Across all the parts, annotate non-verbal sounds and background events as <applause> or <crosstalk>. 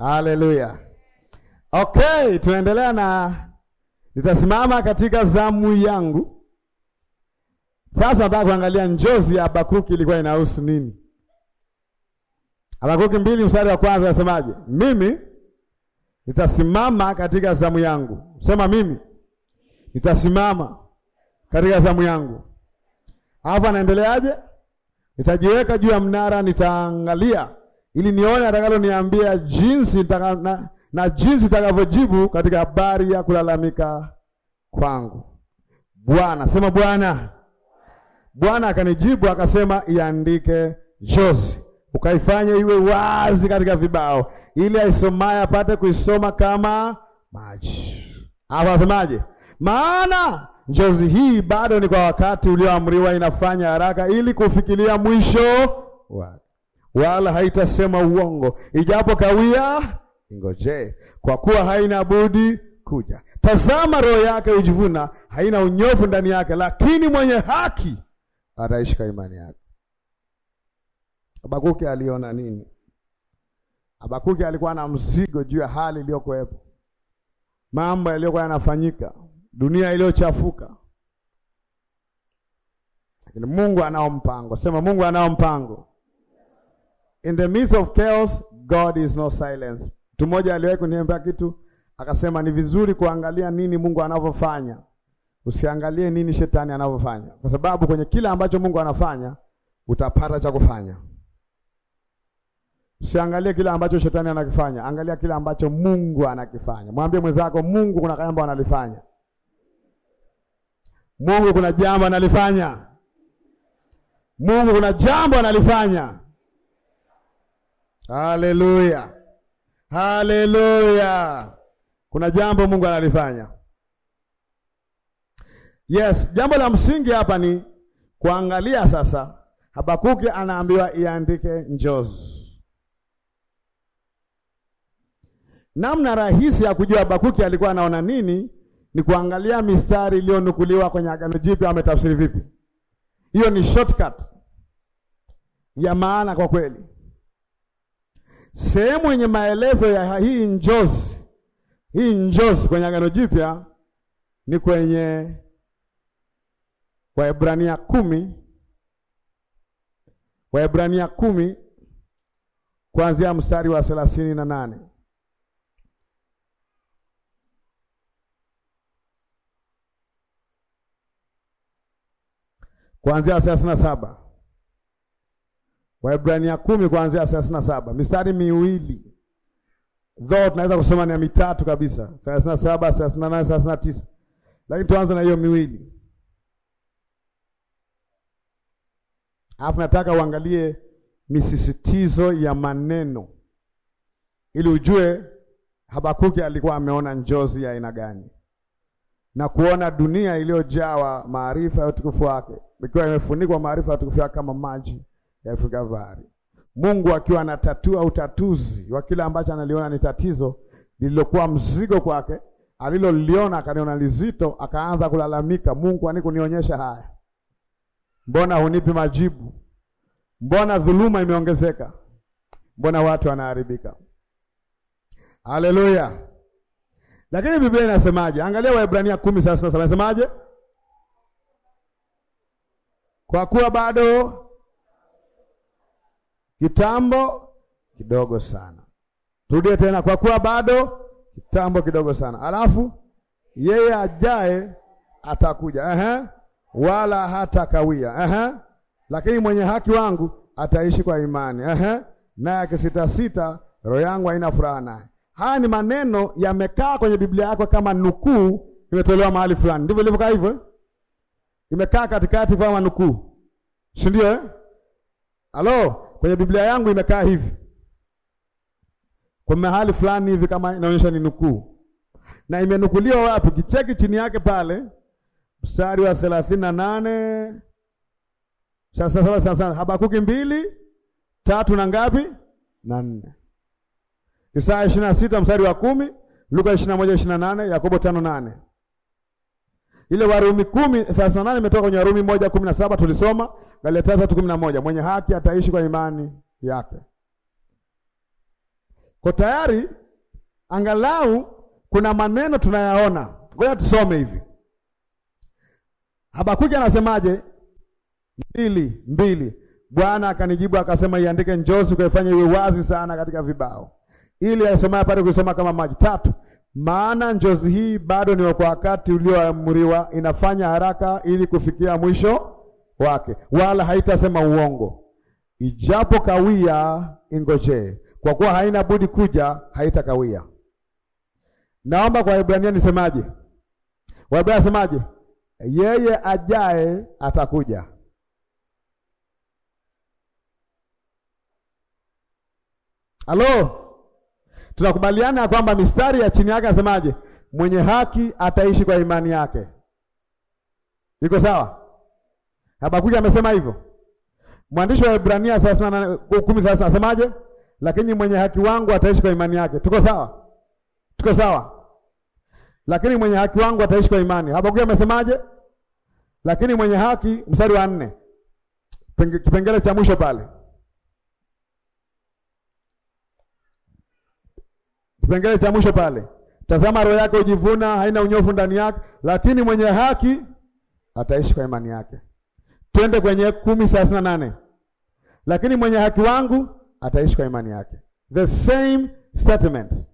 Haleluya. Okay, tunaendelea na nitasimama katika zamu yangu. Sasa nataka kuangalia njozi ya Habakuki ilikuwa inahusu nini? Habakuki mbili mstari wa kwanza nasemaje? Mimi nitasimama katika zamu yangu. Sema mimi nitasimama katika zamu yangu. Alafu anaendeleaje? Nitajiweka juu ya mnara, nitaangalia ili nione atakaloniambia jinsi taka, na, na jinsi takavyojibu katika habari ya kulalamika kwangu. Bwana sema Bwana, Bwana akanijibu akasema, iandike njozi ukaifanye iwe wazi katika vibao, ili aisomaye apate kuisoma kama maji. Hapo asemaje? Maana njozi hii bado ni kwa wakati ulioamriwa, inafanya haraka ili kufikiria mwisho wake wala haitasema uongo, ijapo kawia ingojee, kwa kuwa haina budi kuja. Tazama, roho yake hujivuna, haina unyofu ndani yake, lakini mwenye haki ataishi kwa imani yake. Habakuki aliona nini? Habakuki alikuwa na mzigo juu ya hali iliyokuwepo, mambo yaliyokuwa yanafanyika, dunia iliyochafuka. Lakini Mungu anao mpango, sema Mungu anao mpango In the midst of chaos, God is not silence. Mtu mmoja aliwahi kuniambia kitu akasema, ni vizuri kuangalia nini Mungu anavyofanya, usiangalie nini shetani anavyofanya, kwa sababu kwenye kila ambacho Mungu anafanya utapata cha kufanya. Usiangalie kila ambacho shetani anakifanya, angalia kila ambacho Mungu anakifanya. Mwambie mwenzako, Mungu kuna jambo analifanya. Mungu kuna jambo analifanya. Mungu kuna jambo analifanya. Haleluya, haleluya! Kuna jambo Mungu analifanya. Yes, jambo la msingi hapa ni kuangalia sasa. Habakuki anaambiwa iandike njozi. Namna rahisi ya kujua Habakuki alikuwa anaona nini ni kuangalia mistari iliyonukuliwa kwenye Agano Jipya, ametafsiri vipi. Hiyo ni shortcut ya maana kwa kweli. Sehemu yenye maelezo ya hii njozi, hii njozi kwenye Agano Jipya ni kwenye Waebrania kumi, Waebrania kumi kuanzia mstari wa thelathini na nane. Kuanzia thelathini na saba. Waebrania kumi kuanzia thelathini na saba mistari miwili though tunaweza kusema ni mitatu kabisa, thelathini na saba thelathini na nane thelathini na tisa lakini tuanze na hiyo miwili, alafu nataka uangalie misisitizo ya maneno ili ujue Habakuki alikuwa ameona njozi ya aina gani na kuona dunia iliyojawa maarifa ya utukufu wake ikiwa imefunikwa maarifa ya utukufu wake kama maji ya Fugavare. Mungu akiwa anatatua utatuzi wa kile ambacho analiona ni tatizo lililokuwa mzigo kwake, aliloliona akaniona lizito, akaanza kulalamika, Mungu kwani kunionyesha haya? Mbona hunipi majibu? Mbona dhuluma imeongezeka? Mbona watu wanaharibika? Haleluya! Lakini Biblia inasemaje? Angalia Waebrania kumi sasa, nasemaje? Kwa kuwa bado kitambo kidogo sana. Turudie tena, kwa kuwa bado kitambo kidogo sana, alafu yeye ajaye atakuja, ehe, wala hata kawia, ehe, lakini mwenye haki wangu ataishi kwa imani, ehe, naye akisitasita, roho yangu haina furaha naye. Haya ni maneno yamekaa kwenye Biblia yako kama nukuu imetolewa mahali fulani, ndivyo ilivyokaa hivyo, eh? imekaa katikati kama nukuu, si ndio eh? Halo, kwenye Biblia yangu imekaa hivi kwa mahali fulani hivi, kama inaonyesha ni nukuu na imenukuliwa wapi? Kicheki chini yake pale mstari wa thelathini na nane sasa, Habakuki mbili tatu na ngapi na nne, Isaya ishirini na sita mstari wa kumi, Luka ishirini na moja ishirini na nane, Yakobo tano nane. Ile Warumi 10:38 imetoka kwenye Warumi 1:17 tulisoma. Galatia 3:11 mwenye haki ataishi kwa imani yake. Kwa tayari angalau kuna maneno tunayaona. Ngoja tusome hivi. Habakuki anasemaje? mbili mbili. Bwana akanijibu akasema, iandike njozi, kuifanya iwe wazi sana katika vibao, ili aisoma apate kusoma kama maji. Tatu, maana njozi hii bado ni kwa wakati ulioamriwa, inafanya haraka ili kufikia mwisho wake, wala haitasema uongo. Ijapo kawia, ingojee, kwa kuwa haina budi kuja, haitakawia. Naomba kwa Ibrania nisemaje? Waibrania asemaje? Yeye ajaye atakuja. Halo? tunakubaliana kwamba mistari ya chini yake anasemaje? Mwenye haki ataishi kwa imani yake. Iko sawa? Habakuki amesema hivyo. Mwandishi wa Ibrania 38:10 sasa anasemaje? Lakini mwenye haki wangu ataishi kwa imani yake. Tuko sawa? Tuko sawa? Lakini mwenye haki wangu ataishi kwa imani. Habakuki amesemaje? Lakini mwenye haki, mstari wa nne, kipengele cha mwisho pale Kipengele cha mwisho pale, tazama roho yake hujivuna, haina unyofu ndani yake, lakini mwenye haki ataishi kwa imani yake. Twende kwenye kumi thelathini na nane lakini mwenye haki wangu ataishi kwa imani yake. The same statement.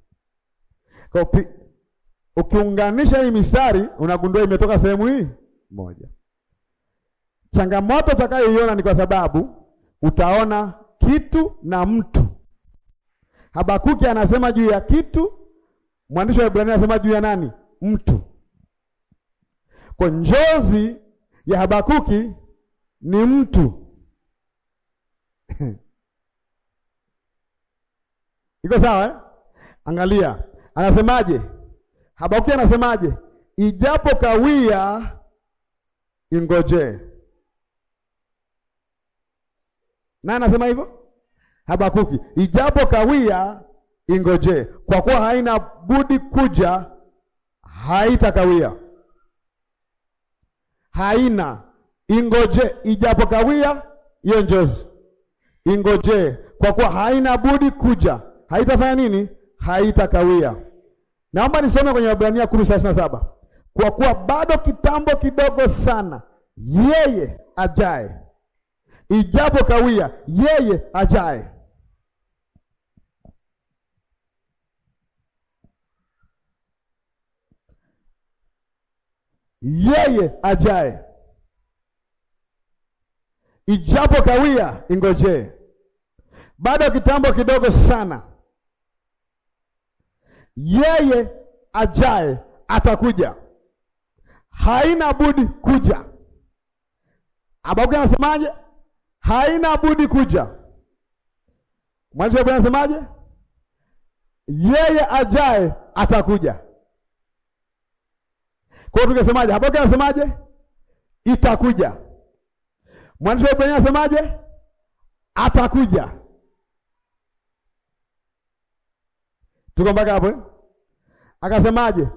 Kwa ukiunganisha hii mistari unagundua imetoka sehemu hii moja. Changamoto utakayoiona ni kwa sababu utaona kitu na mtu Habakuki anasema juu ya kitu, mwandishi wa Waebrania anasema juu ya nani? Mtu. Kwa njozi ya Habakuki ni mtu <laughs> iko sawa eh? Angalia anasemaje Habakuki, anasemaje? Ijapo kawia ingojee. Na anasema hivyo Habakuki, ijapo kawia ingojee, kwa kuwa haina budi kuja, haitakawia. Haina ingojee, ijapo kawia, hiyo njozi, ingojee, kwa kuwa haina budi kuja, haitafanya nini? Haitakawia. Naomba nisome kwenye Waebrania 10:37 kwa kuwa bado kitambo kidogo sana yeye ajaye, ijapo kawia, yeye ajaye yeye ajaye. Ijapo kawia, ingojee, bado kitambo kidogo sana. Yeye ajaye atakuja, haina budi kuja. Habakuki anasemaje? Haina budi kuja. Mwanzo anasemaje? Yeye ajaye atakuja. Kwa hiyo tukasemaje? Habakuki anasemaje? Itakuja. Mwandishi wa Ibrania anasemaje? Atakuja. Tuko mpaka hapo eh? Akasemaje?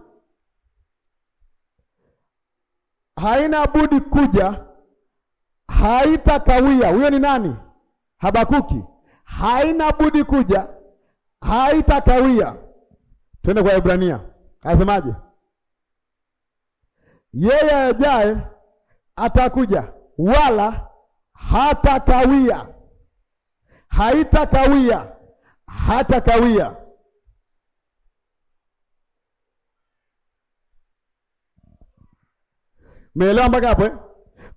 Haina budi kuja, haitakawia. Huyo ni nani? Habakuki. Haina budi kuja, haitakawia. Twende kwa Ibrania. Anasemaje? yeye ajaye atakuja, wala hatakawia, haitakawia, hatakawia. Meelewa mpaka hapo eh?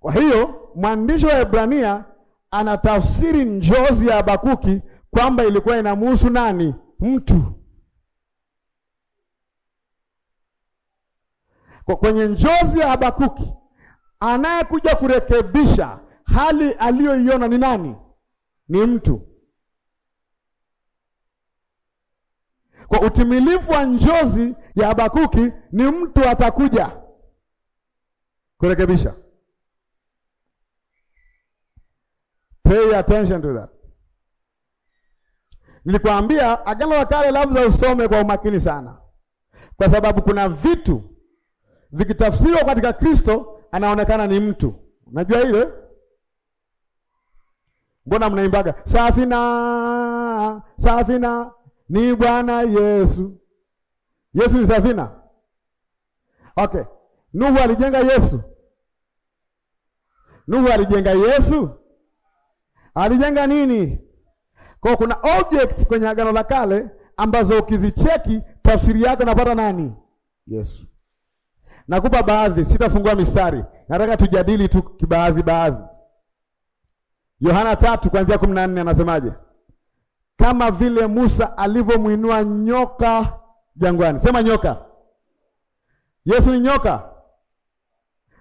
Kwa hiyo mwandishi wa Ibrania anatafsiri njozi ya Habakuki kwamba ilikuwa inamhusu nani? Mtu kwenye njozi ya Habakuki, anayekuja kurekebisha hali aliyoiona ni nani? Ni mtu. Kwa utimilifu wa njozi ya Habakuki ni mtu atakuja kurekebisha. Pay attention to that. Nilikwambia Agano la Kale labda usome kwa umakini sana, kwa sababu kuna vitu Zikitafsiriwa katika Kristo anaonekana ni mtu. Unajua ile? Mbona mnaimbaga safina safina ni Bwana Yesu. Yesu ni safina. Okay. Nuhu alijenga Yesu. Nuhu alijenga Yesu. Alijenga nini? Kwa kuna objects kwenye Agano la Kale ambazo ukizicheki tafsiri yake unapata nani? Yesu. Nakupa baadhi, sitafungua mistari, nataka tujadili tu kibaadhi baadhi. Yohana tatu kuanzia kumi na nne anasemaje? Kama vile Musa alivyomwinua nyoka jangwani. Sema nyoka. Yesu ni nyoka,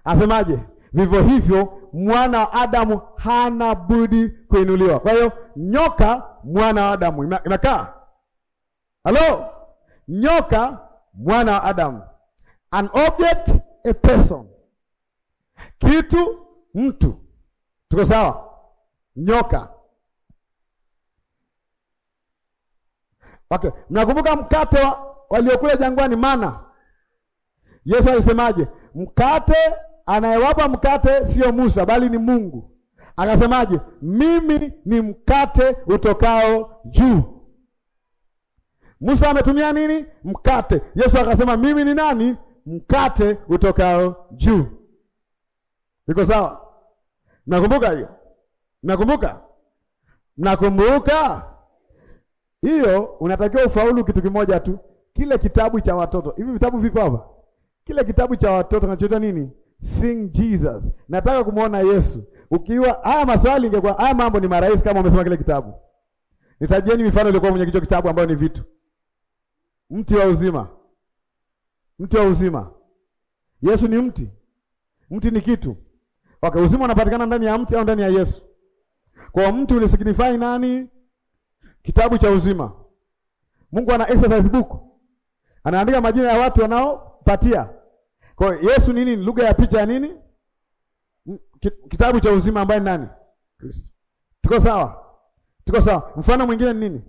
asemaje? Vivyo hivyo mwana wa Adamu hana budi kuinuliwa. Kwa hiyo nyoka, mwana wa Adamu imekaa. Halo, nyoka, mwana wa Adamu an object, a person, kitu, mtu. Tuko sawa? Nyoka. Okay, mnakumbuka mkate waliokula jangwani, mana? Yesu alisemaje? Mkate anayewapa mkate sio Musa bali ni Mungu. Akasemaje? Mimi ni mkate utokao juu. Musa ametumia nini? Mkate. Yesu akasema mimi ni nani? mkate utokao juu. Iko sawa? Nakumbuka hiyo, nakumbuka, nakumbuka hiyo. Unatakiwa ufaulu kitu kimoja tu, kile kitabu cha watoto. Hivi vitabu vipo hapa, kile kitabu cha watoto kinachoitwa nini? Sing Jesus, nataka kumwona Yesu. Ukiwa haya maswali, ingekuwa haya mambo ni marahisi kama umesoma kile kitabu. Nitajieni mifano iliyokuwa kwenye kichwa kitabu ambayo ni vitu mti wa uzima mti wa uzima. Yesu ni mti, mti ni kitu. Okay, uzima unapatikana ndani ya mti au ndani ya Yesu? Kwa mti ulisignify nani? Kitabu cha uzima. Mungu ana exercise book, anaandika majina ya watu wanaopatia. Kwa Yesu ni nini? Lugha ya picha ya nini? Kitabu cha uzima ambaye ni nani? Kristo. Tuko sawa? Tuko sawa. Mfano mwingine ni nini?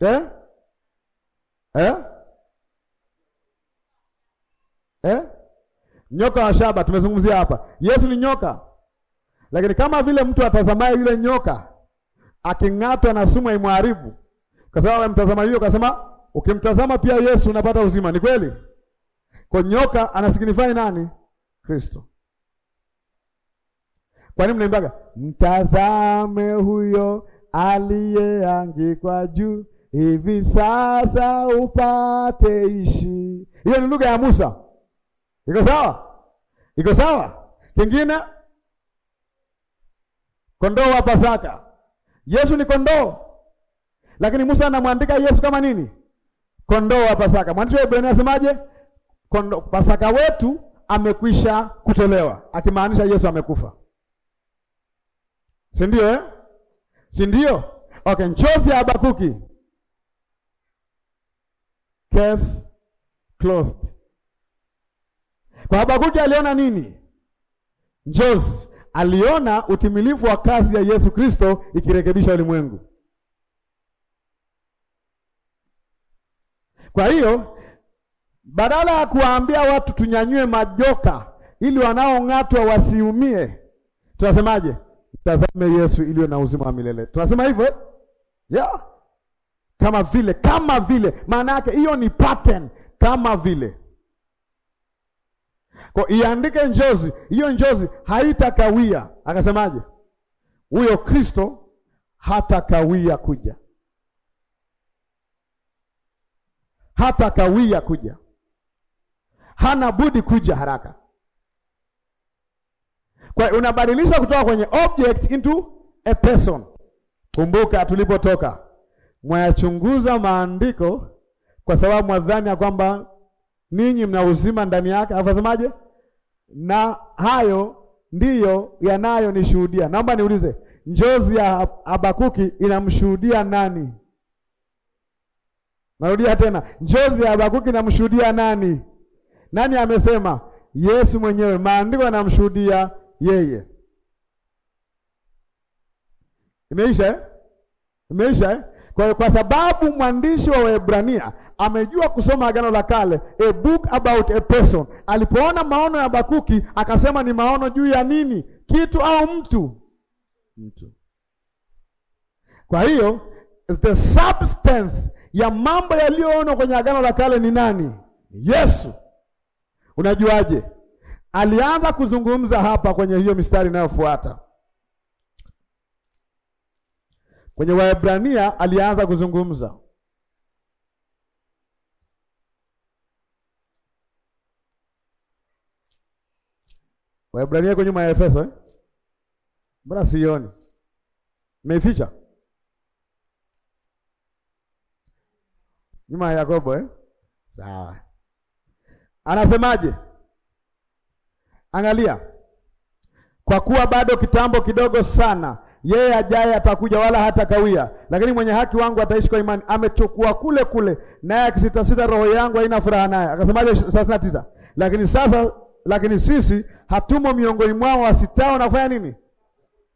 Eh? Eh? eh? Nyoka wa shaba tumezungumzia hapa. Yesu ni nyoka, lakini kama vile mtu atazamaye yule nyoka aking'atwa na sumu imharibu, kwa sababu amemtazama yule, akasema ukimtazama pia Yesu unapata uzima. Ni kweli, kwa nyoka anasignify nani? Kristo. Kwa nini mnaimbaga mtazame huyo aliyeangikwa juu hivi sasa upate ishi? Hiyo ni lugha ya Musa. Iko sawa? Iko sawa? Kingine kondoo wa Pasaka. Yesu ni kondoo, lakini Musa anamwandika Yesu kama nini? Kondoo wa Pasaka. Mwandishi wa Ibrania anasemaje? Kondoo Pasaka wetu amekwisha kutolewa, akimaanisha Yesu amekufa, si ndio eh? si ndio? Okay, njozi ya Habakuki. Case closed. Kwa Habakuki aliona nini? Njozi. Aliona utimilifu wa kazi ya Yesu Kristo ikirekebisha ulimwengu. Kwa hiyo badala ya kuwaambia watu tunyanyue majoka ili wanaong'atwa wasiumie, tunasemaje? Tazame Yesu iliyo na uzima wa milele. Tunasema hivyo eh? Yeah. Kama vile, kama vile, maana yake hiyo ni pattern, kama vile kwa iandike njozi, hiyo njozi haitakawia. Akasemaje? Huyo Kristo hatakawia kuja, hatakawia kuja, hana budi kuja haraka. Kwa unabadilisha kutoka kwenye object into a person. Kumbuka tulipotoka, mwayachunguza maandiko kwa sababu mwadhani ya kwamba ninyi mna uzima ndani yake. Afasemaje? na hayo ndiyo yanayo nishuhudia. Naomba niulize, njozi ya Habakuki inamshuhudia nani? Narudia tena, njozi ya Habakuki inamshuhudia nani? Nani amesema? Yesu mwenyewe. Maandiko yanamshuhudia yeye. Imeisha eh? Umeisha eh? Kwa kwa sababu mwandishi wa Waebrania amejua kusoma Agano la Kale, a book about a person. Alipoona maono ya Habakuki akasema ni maono juu ya nini? Kitu au mtu? Mtu. Kwa hiyo the substance ya mambo yaliyoonwa kwenye Agano la Kale ni nani? Yesu. Unajuaje? Alianza kuzungumza hapa kwenye hiyo mistari inayofuata. Kwenye Waebrania alianza kuzungumza Waebrania kwenye nyuma ya Efeso eh? Mbona sioni? Meificha nyuma ya Yakobo eh? Sawa. Anasemaje? Angalia, kwa kuwa bado kitambo kidogo sana yeye ajaye atakuja wala hata kawia, lakini mwenye haki wangu ataishi kwa imani. Amechukua kule kule, naye akisitasita, roho yangu haina furaha naye. Akasemaje? 39 lakini sasa, lakini sisi hatumo miongoni mwao wasitao na kufanya nini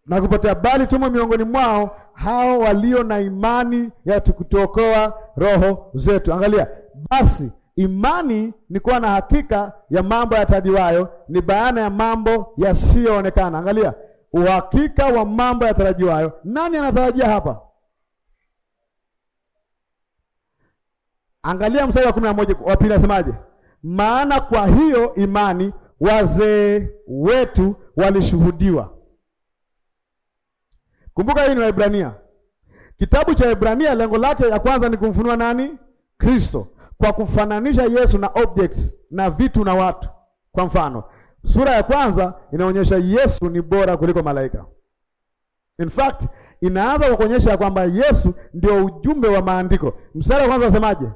na kupotea, bali tumo miongoni mwao hao walio na imani ya kutuokoa roho zetu. Angalia basi, imani ni kuwa na hakika ya mambo yatarajiwayo, ni bayana ya mambo yasiyoonekana. Angalia uhakika wa mambo yatarajiwayo. Nani anatarajia hapa? Angalia mstari wa kumi na moja wa pili nasemaje? Maana kwa hiyo imani wazee wetu walishuhudiwa. Kumbuka hii ni Waebrania. Kitabu cha Waebrania lengo lake ya kwanza ni kumfunua nani? Kristo, kwa kufananisha Yesu na objects na vitu na watu. Kwa mfano Sura ya kwanza inaonyesha Yesu ni bora kuliko malaika. In fact, inaanza kwa kuonyesha kwamba Yesu ndio ujumbe wa maandiko. Mstari wa kwanza wasemaje?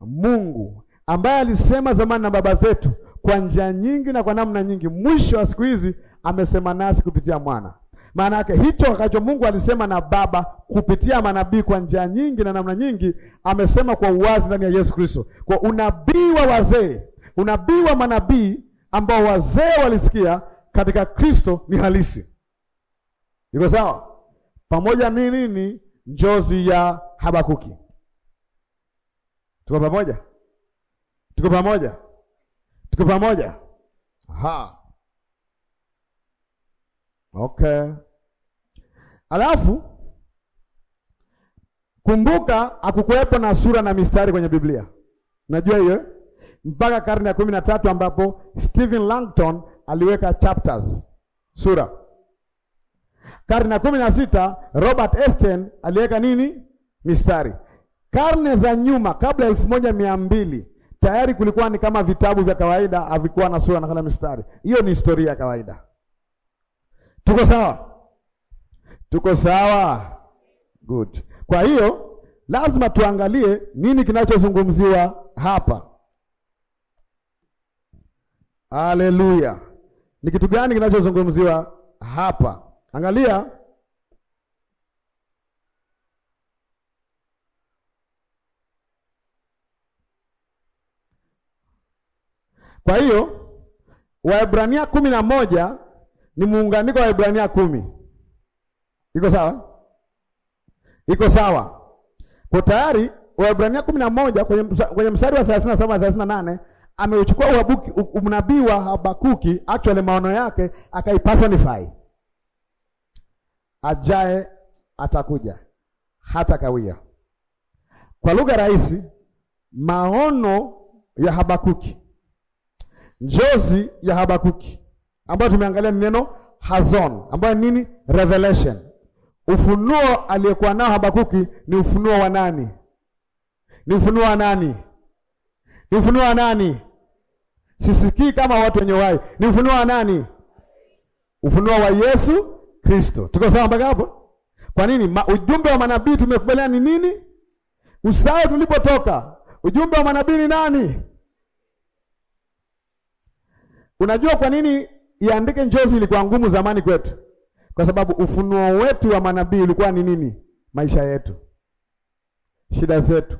Mungu ambaye alisema zamani na baba zetu kwa njia nyingi na kwa namna nyingi, mwisho wa siku hizi amesema nasi kupitia mwana. Maana yake hicho akacho Mungu alisema na Baba kupitia manabii kwa njia nyingi na namna nyingi, amesema kwa uwazi ndani ya Yesu Kristo. Kwa unabii wa wazee, unabii wa manabii ambao wazee walisikia katika Kristo ni halisi. Iko sawa? Pamoja ni nini? Njozi ya Habakuki. Tuko pamoja? Tuko pamoja? Tuko pamoja? Aha. Okay. Alafu kumbuka, hakukuwepo na sura na mistari kwenye Biblia. Najua hiyo mpaka karne ya kumi na tatu ambapo Stephen Langton aliweka chapters sura. Karne ya kumi na sita Robert Esten aliweka nini mistari. Karne za nyuma kabla elfu moja mia mbili tayari kulikuwa ni kama vitabu vya kawaida, havikuwa na sura na kala mistari. Hiyo ni historia ya kawaida. Tuko sawa? Tuko sawa? Good. Kwa hiyo lazima tuangalie nini kinachozungumziwa hapa. Haleluya! Ni kitu gani kinachozungumziwa hapa? Angalia Kwa hiyo Waebrania kumi na moja ni muunganiko wa Waebrania kumi. Iko sawa? Iko sawa. Kwa tayari Waebrania kumi na moja kwenye mstari wa 37 na 38 ameuchukua unabii wa Habakuki, actually maono yake akaipersonify. Ajaye atakuja hata kawia. Kwa lugha rahisi, maono ya Habakuki, njozi ya Habakuki ambayo tumeangalia ni neno hazon, ambayo nini? Revelation, ufunuo aliyekuwa nao Habakuki. Ni ufunuo wa nani? Ni ufunuo wa nani? Ni ufunuo wa nani? sisikii kama watu wenye uhai. Ni ufunuo wa nani? Ufunuo wa Yesu Kristo. Tuko sawa mpaka hapo? Kwa nini Ma, ujumbe wa manabii tumekubaliana ni nini? Usao tulipotoka ujumbe wa manabii ni nani? Unajua kwa nini iandike njozi ilikuwa ngumu zamani kwetu? Kwa sababu ufunuo wetu wa manabii ulikuwa ni nini? Maisha yetu, shida zetu,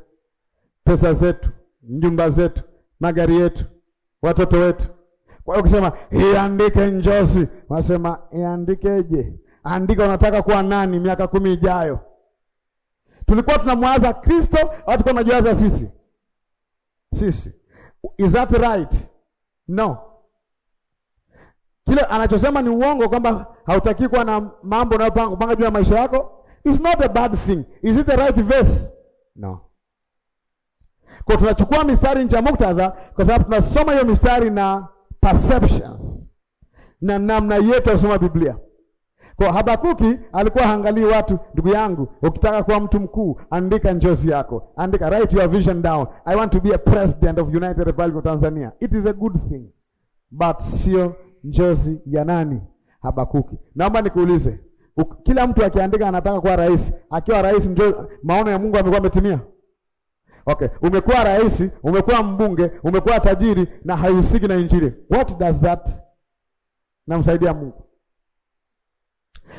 pesa zetu, nyumba zetu, magari yetu, watoto wetu. Kwa hiyo ukisema iandike njozi, wanasema iandikeje? Andika unataka kuwa nani miaka kumi ijayo? Tulikuwa tunamwaza Kristo au tulikuwa tunajiwaza sisi sisi? Is that right? No, kile anachosema ni uongo, kwamba hautaki kuwa na mambo unayopanga juu ya maisha yako. It's not a bad thing. Is it the right verse? No. Kwa tunachukua mistari nje ya muktadha, kwa sababu tunasoma hiyo mistari na perceptions na namna yetu ya kusoma Biblia. Kwa Habakuki alikuwa haangalii watu. Ndugu yangu, ukitaka kuwa mtu mkuu, andika njozi yako, andika write your vision down. I want to be a president of United Republic of Tanzania, it is a good thing, but sio njozi ya nani? Habakuki. Naomba nikuulize, kila mtu akiandika anataka kuwa rais, akiwa rais, ndio maono ya Mungu amekuwa ametimia? Okay, umekuwa rais, umekuwa mbunge, umekuwa tajiri na haihusiki na injili. What does that namsaidia Mungu?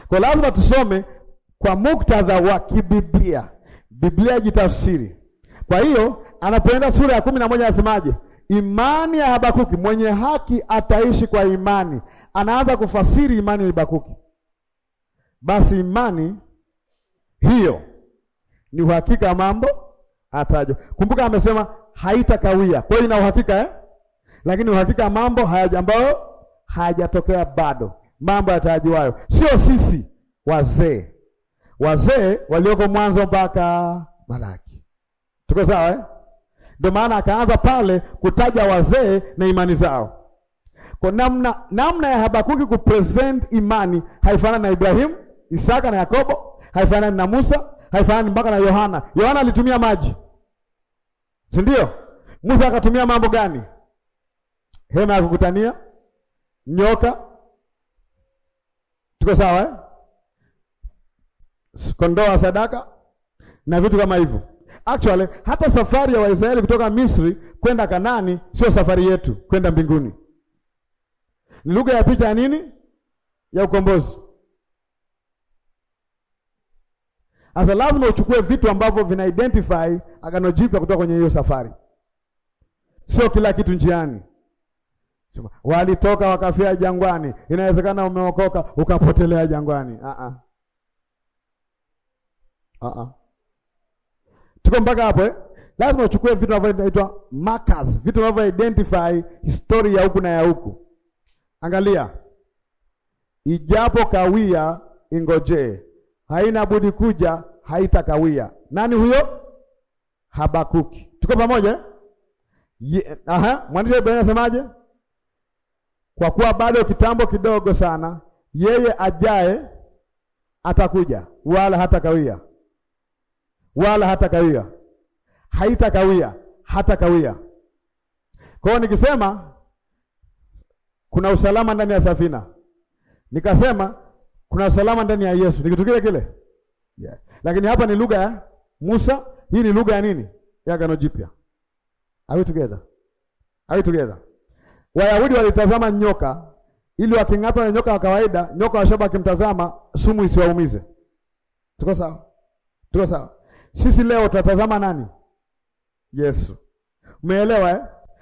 Kwa lazima tusome kwa muktadha wa kibiblia, Biblia jitafsiri. Kwa hiyo anapoenda sura ya kumi na moja anasemaje? Imani ya Habakuki, mwenye haki ataishi kwa imani. Anaanza kufasiri imani ya Habakuki. Basi imani hiyo ni uhakika mambo hatajwa. Kumbuka amesema haitakawia, kwa hiyo ina uhakika eh? Lakini uhakika mambo hayaja ambayo hayajatokea bado, mambo yatayajuayo, sio sisi wazee, wazee walioko mwanzo mpaka Malaki. Tuko sawa eh? Ndio maana akaanza pale kutaja wazee na imani zao. Kwa namna namna ya Habakuki kupresent imani haifanani na Ibrahimu, Isaka na Yakobo, haifanani na Musa, haifanani mpaka na Yohana. Yohana alitumia maji si ndio? Musa akatumia mambo gani? Hema ya kukutania, nyoka, tuko sawa eh? Kondoa sadaka na vitu kama hivyo. Actually, hata safari ya Waisraeli kutoka Misri kwenda Kanani sio safari yetu kwenda mbinguni. Ni lugha ya picha ya nini? Ya ukombozi. Sasa lazima uchukue vitu ambavyo vina identify agano jipya kutoka kwenye hiyo safari, sio kila kitu njiani. Walitoka wakafia jangwani. Inawezekana umeokoka ukapotelea jangwani. uh -uh. Uh -uh. Tuko mpaka hapo eh? Lazima uchukue vitu vinavyoitwa markers, vitu vinavyo identify historia ya huku na ya huku. Angalia, ijapo kawia ingojee haina budi kuja, haitakawia. Nani huyo? Habakuki. Tuko pamoja? Eh? Aha, mwandishi wa Biblia anasemaje? Kwa kuwa bado kitambo kidogo sana, yeye ajaye atakuja, wala hatakawia, wala hatakawia, haitakawia, hatakawia. Kwa hiyo nikisema kuna usalama ndani ya safina, nikasema kuna salama ndani ya Yesu. Ni kitu kile kile. Yeah. Lakini hapa ni lugha ya Musa, hii ni lugha ya nini? Ya Agano Jipya. Are we together? Are we together? Wayahudi walitazama nyoka ili waking'atwa na nyoka wa kawaida, nyoka wa shaba akimtazama, sumu isiwaumize. Tuko sawa? Tuko sawa? Sisi leo tutatazama nani? Yesu. Umeelewa eh?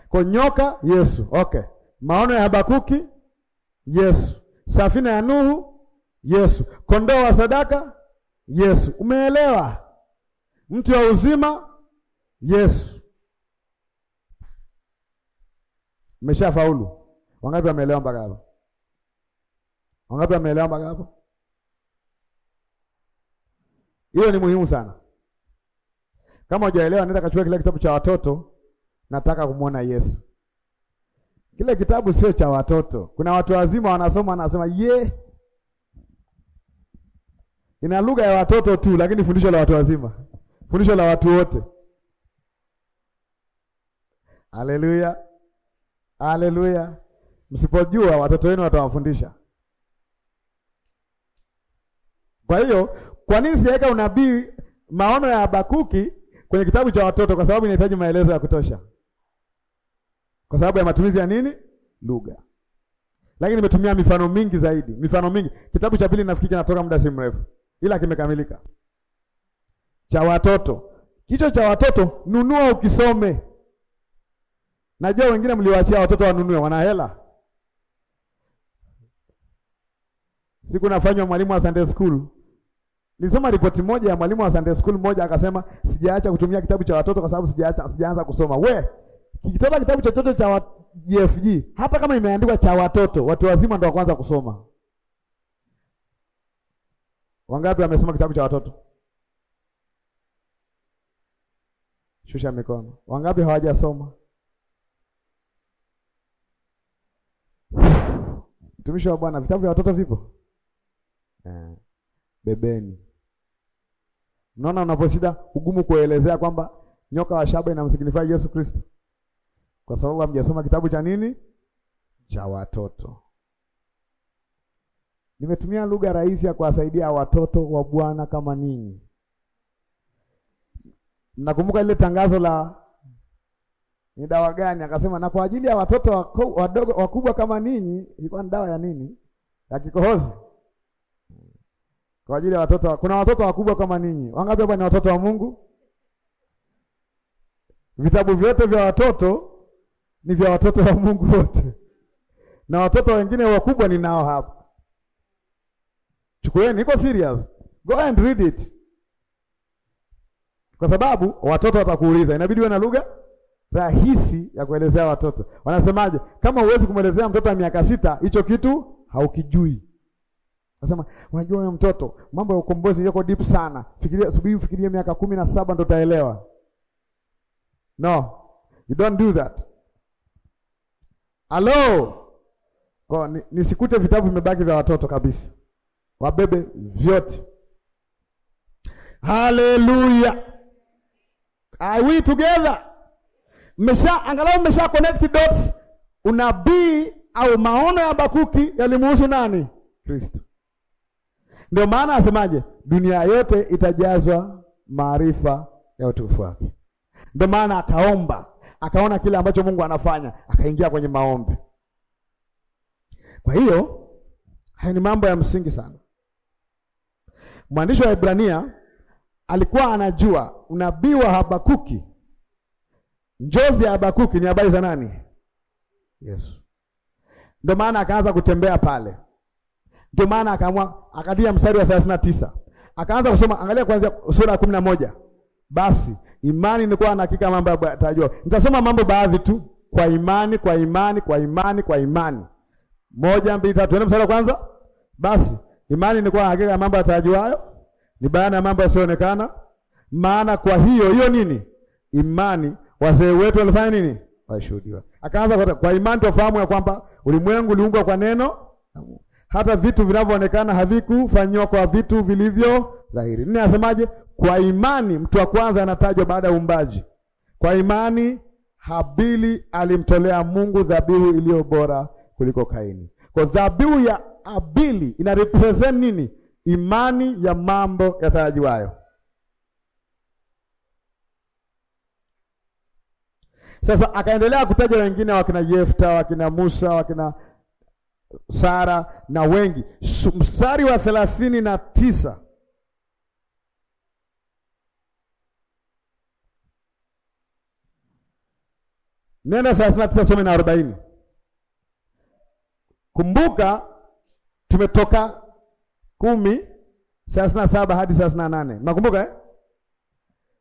Kwa nyoka Yesu. Okay. Maono ya Habakuki Yesu. Safina ya Nuhu Yesu. Kondoo wa sadaka Yesu. Umeelewa? Mti wa uzima Yesu. Umeshafaulu. Wangapi wameelewa mpaka hapo? Wangapi wameelewa mpaka hapo? Hiyo ni muhimu sana. Kama hujaelewa, nenda kachukua kile kitabu cha watoto, nataka kumwona Yesu. Kile kitabu sio cha watoto. Kuna watu wazima wanasoma, anasema yeah ina lugha ya watoto tu, lakini fundisho la watu wazima, fundisho la watu wote. Haleluya, haleluya! Msipojua watoto wenu watawafundisha. Kwa hiyo, kwa nini sijaweka unabii maono ya Habakuki kwenye kitabu cha watoto? Kwa sababu inahitaji maelezo ya kutosha, kwa sababu ya matumizi ya nini lugha lakini nimetumia mifano mingi zaidi, mifano mingi. Kitabu cha pili nafikiri kinatoka muda si mrefu ila kimekamilika. Cha watoto, kicho cha watoto, nunua ukisome. Najua wengine mliwaachia watoto wanunue, wana hela. Siku nafanywa mwalimu wa Sunday school, nilisoma ripoti moja ya mwalimu wa Sunday school moja, akasema sijaacha kutumia kitabu cha watoto kwa sababu sijaacha, sijaanza kusoma. We kikitoka kitabu chochote cha JFG, hata kama imeandikwa cha watoto, watu wazima ndio wa kwanza kusoma. Wangapi wamesoma kitabu cha watoto? Shusha mikono. Wangapi hawajasoma? Mtumishi wa Bwana, vitabu vya watoto vipo? Eh, bebeni. Unaona unaposhida ugumu kuelezea kwamba nyoka wa shaba inamsignify Yesu Kristo, kwa sababu hamjasoma kitabu cha nini cha watoto. Nimetumia lugha rahisi ya kuwasaidia watoto wa Bwana kama ninyi. nakumbuka lile tangazo la ni dawa gani? Akasema na kwa ajili ya watoto wadogo wakubwa kama ninyi, ilikuwa ni dawa ya nini? Ya kikohozi. Kwa ajili ya watoto, kuna watoto wakubwa kama ninyi. Wangapi hapa ni watoto wa Mungu? Vitabu vyote vya watoto ni vya watoto wa Mungu wote, na watoto wengine wakubwa ninao hapa. Chukueni, iko serious. Go and read it. Kwa sababu watoto watakuuliza, inabidi uwe na lugha rahisi ya kuelezea watoto. Wanasemaje? Kama huwezi kumwelezea mtoto wa miaka sita hicho kitu haukijui. Nasema, unajua wewe mtoto, mambo ya ukombozi yako deep sana. Fikiria, subiri ufikirie miaka kumi na saba ndo utaelewa. No. You don't do that. Hello. Kwa nisikute vitabu vimebaki vya watoto kabisa wabebe vyote. Haleluya! Are we together? Mmesha angalau mesha connect dots. Unabii au maono ya Habakuki yalimuhusu nani? Kristo. Ndio maana asemaje, dunia yote itajazwa maarifa ya utukufu wake. Ndio maana akaomba, akaona kile ambacho Mungu anafanya, akaingia kwenye maombi. Kwa hiyo haya ni mambo ya msingi sana. Mwandishi wa Ibrania alikuwa anajua unabii wa Habakuki, njozi ya Habakuki ni habari za nani? Yesu. Ndio maana akaanza kutembea pale, ndio maana akaamua akatia mstari wa 39 akaanza kusoma. Angalia kuanzia sura ya kumi na moja basi imani nilikuwa na hakika mambo yatajua. Nitasoma mambo baadhi tu, kwa imani, kwa imani, kwa imani, kwa imani. Moja, mbili, tatu. Ende mstari wa kwanza. Basi Imani ni kuwa na hakika ya mambo yatarajiwayo, ni bayana ya mambo yasiyoonekana. Maana kwa hiyo hiyo nini, imani wazee wetu walifanya nini? Washuhudiwa. Akaanza kwa, kwa imani tofahamu ya kwamba ulimwengu uliungwa kwa neno, hata vitu vinavyoonekana havikufanywa kwa vitu vilivyo dhahiri. Nini anasemaje? Kwa imani mtu wa kwanza anatajwa baada ya uumbaji. Kwa imani Habili alimtolea Mungu dhabihu iliyo bora kuliko Kaini. Kwa dhabihu ya abili ina represent nini? Imani ya mambo ya tarajiwayo. Sasa akaendelea kutaja wengine, wakina Yefta, wakina Musa, wakina Sara na wengi. Mstari wa thelathini na tisa nenda thelathini na tisa some na arobaini. Kumbuka Tumetoka kumi thelathini na saba hadi thelathini na nane nakumbuka eh?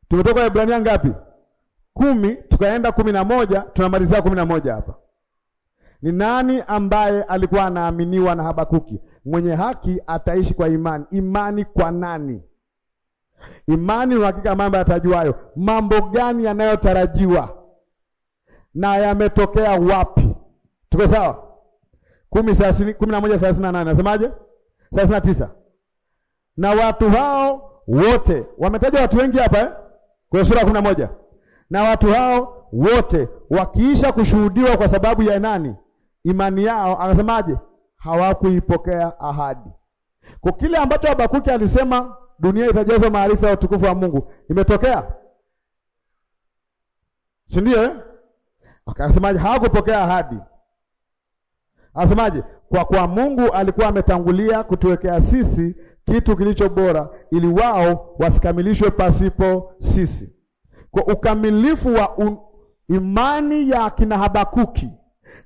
Tumetoka Ibrania ngapi? Kumi, tukaenda kumi na moja, tunamalizia kumi na moja hapa. Ni nani ambaye alikuwa anaaminiwa na Habakuki? Mwenye haki ataishi kwa imani. Imani kwa nani? Imani ni hakika mambo yatajuayo. Mambo gani yanayotarajiwa na yametokea wapi? Tuko sawa? kumi thelathini kumi na moja thelathini na nane nasemaje? thelathini na tisa na watu hao wote wametajwa watu wengi hapa eh? kwenye sura ya kumi na moja na watu hao wote wakiisha kushuhudiwa kwa sababu ya nani? Imani yao, anasemaje? Hawakuipokea ahadi. Kwa kile ambacho Habakuki alisema dunia itajazwa maarifa ya utukufu wa Mungu, imetokea, si ndio? Eh? Akasemaje? Hawakupokea ahadi. Anasemaje? Kwa kuwa Mungu alikuwa ametangulia kutuwekea sisi kitu kilicho bora, ili wao wasikamilishwe pasipo sisi. Kwa ukamilifu wa un, imani ya kina Habakuki,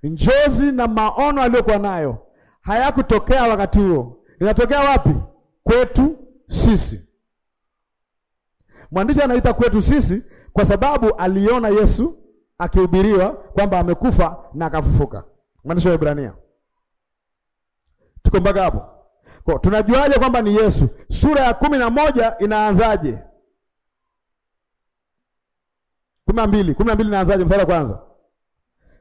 njozi na maono aliyokuwa nayo hayakutokea wakati huo, inatokea wapi? Kwetu sisi. Mwandishi anaita kwetu sisi kwa sababu aliona Yesu akihubiriwa kwamba amekufa na akafufuka. Mwandishi wa Ibrania. Tuko mpaka hapo. Kwa tunajuaje kwamba ni Yesu? Sura ya kumi na moja inaanzaje? kumi na mbili kumi na mbili inaanzaje? Mstari wa kwanza,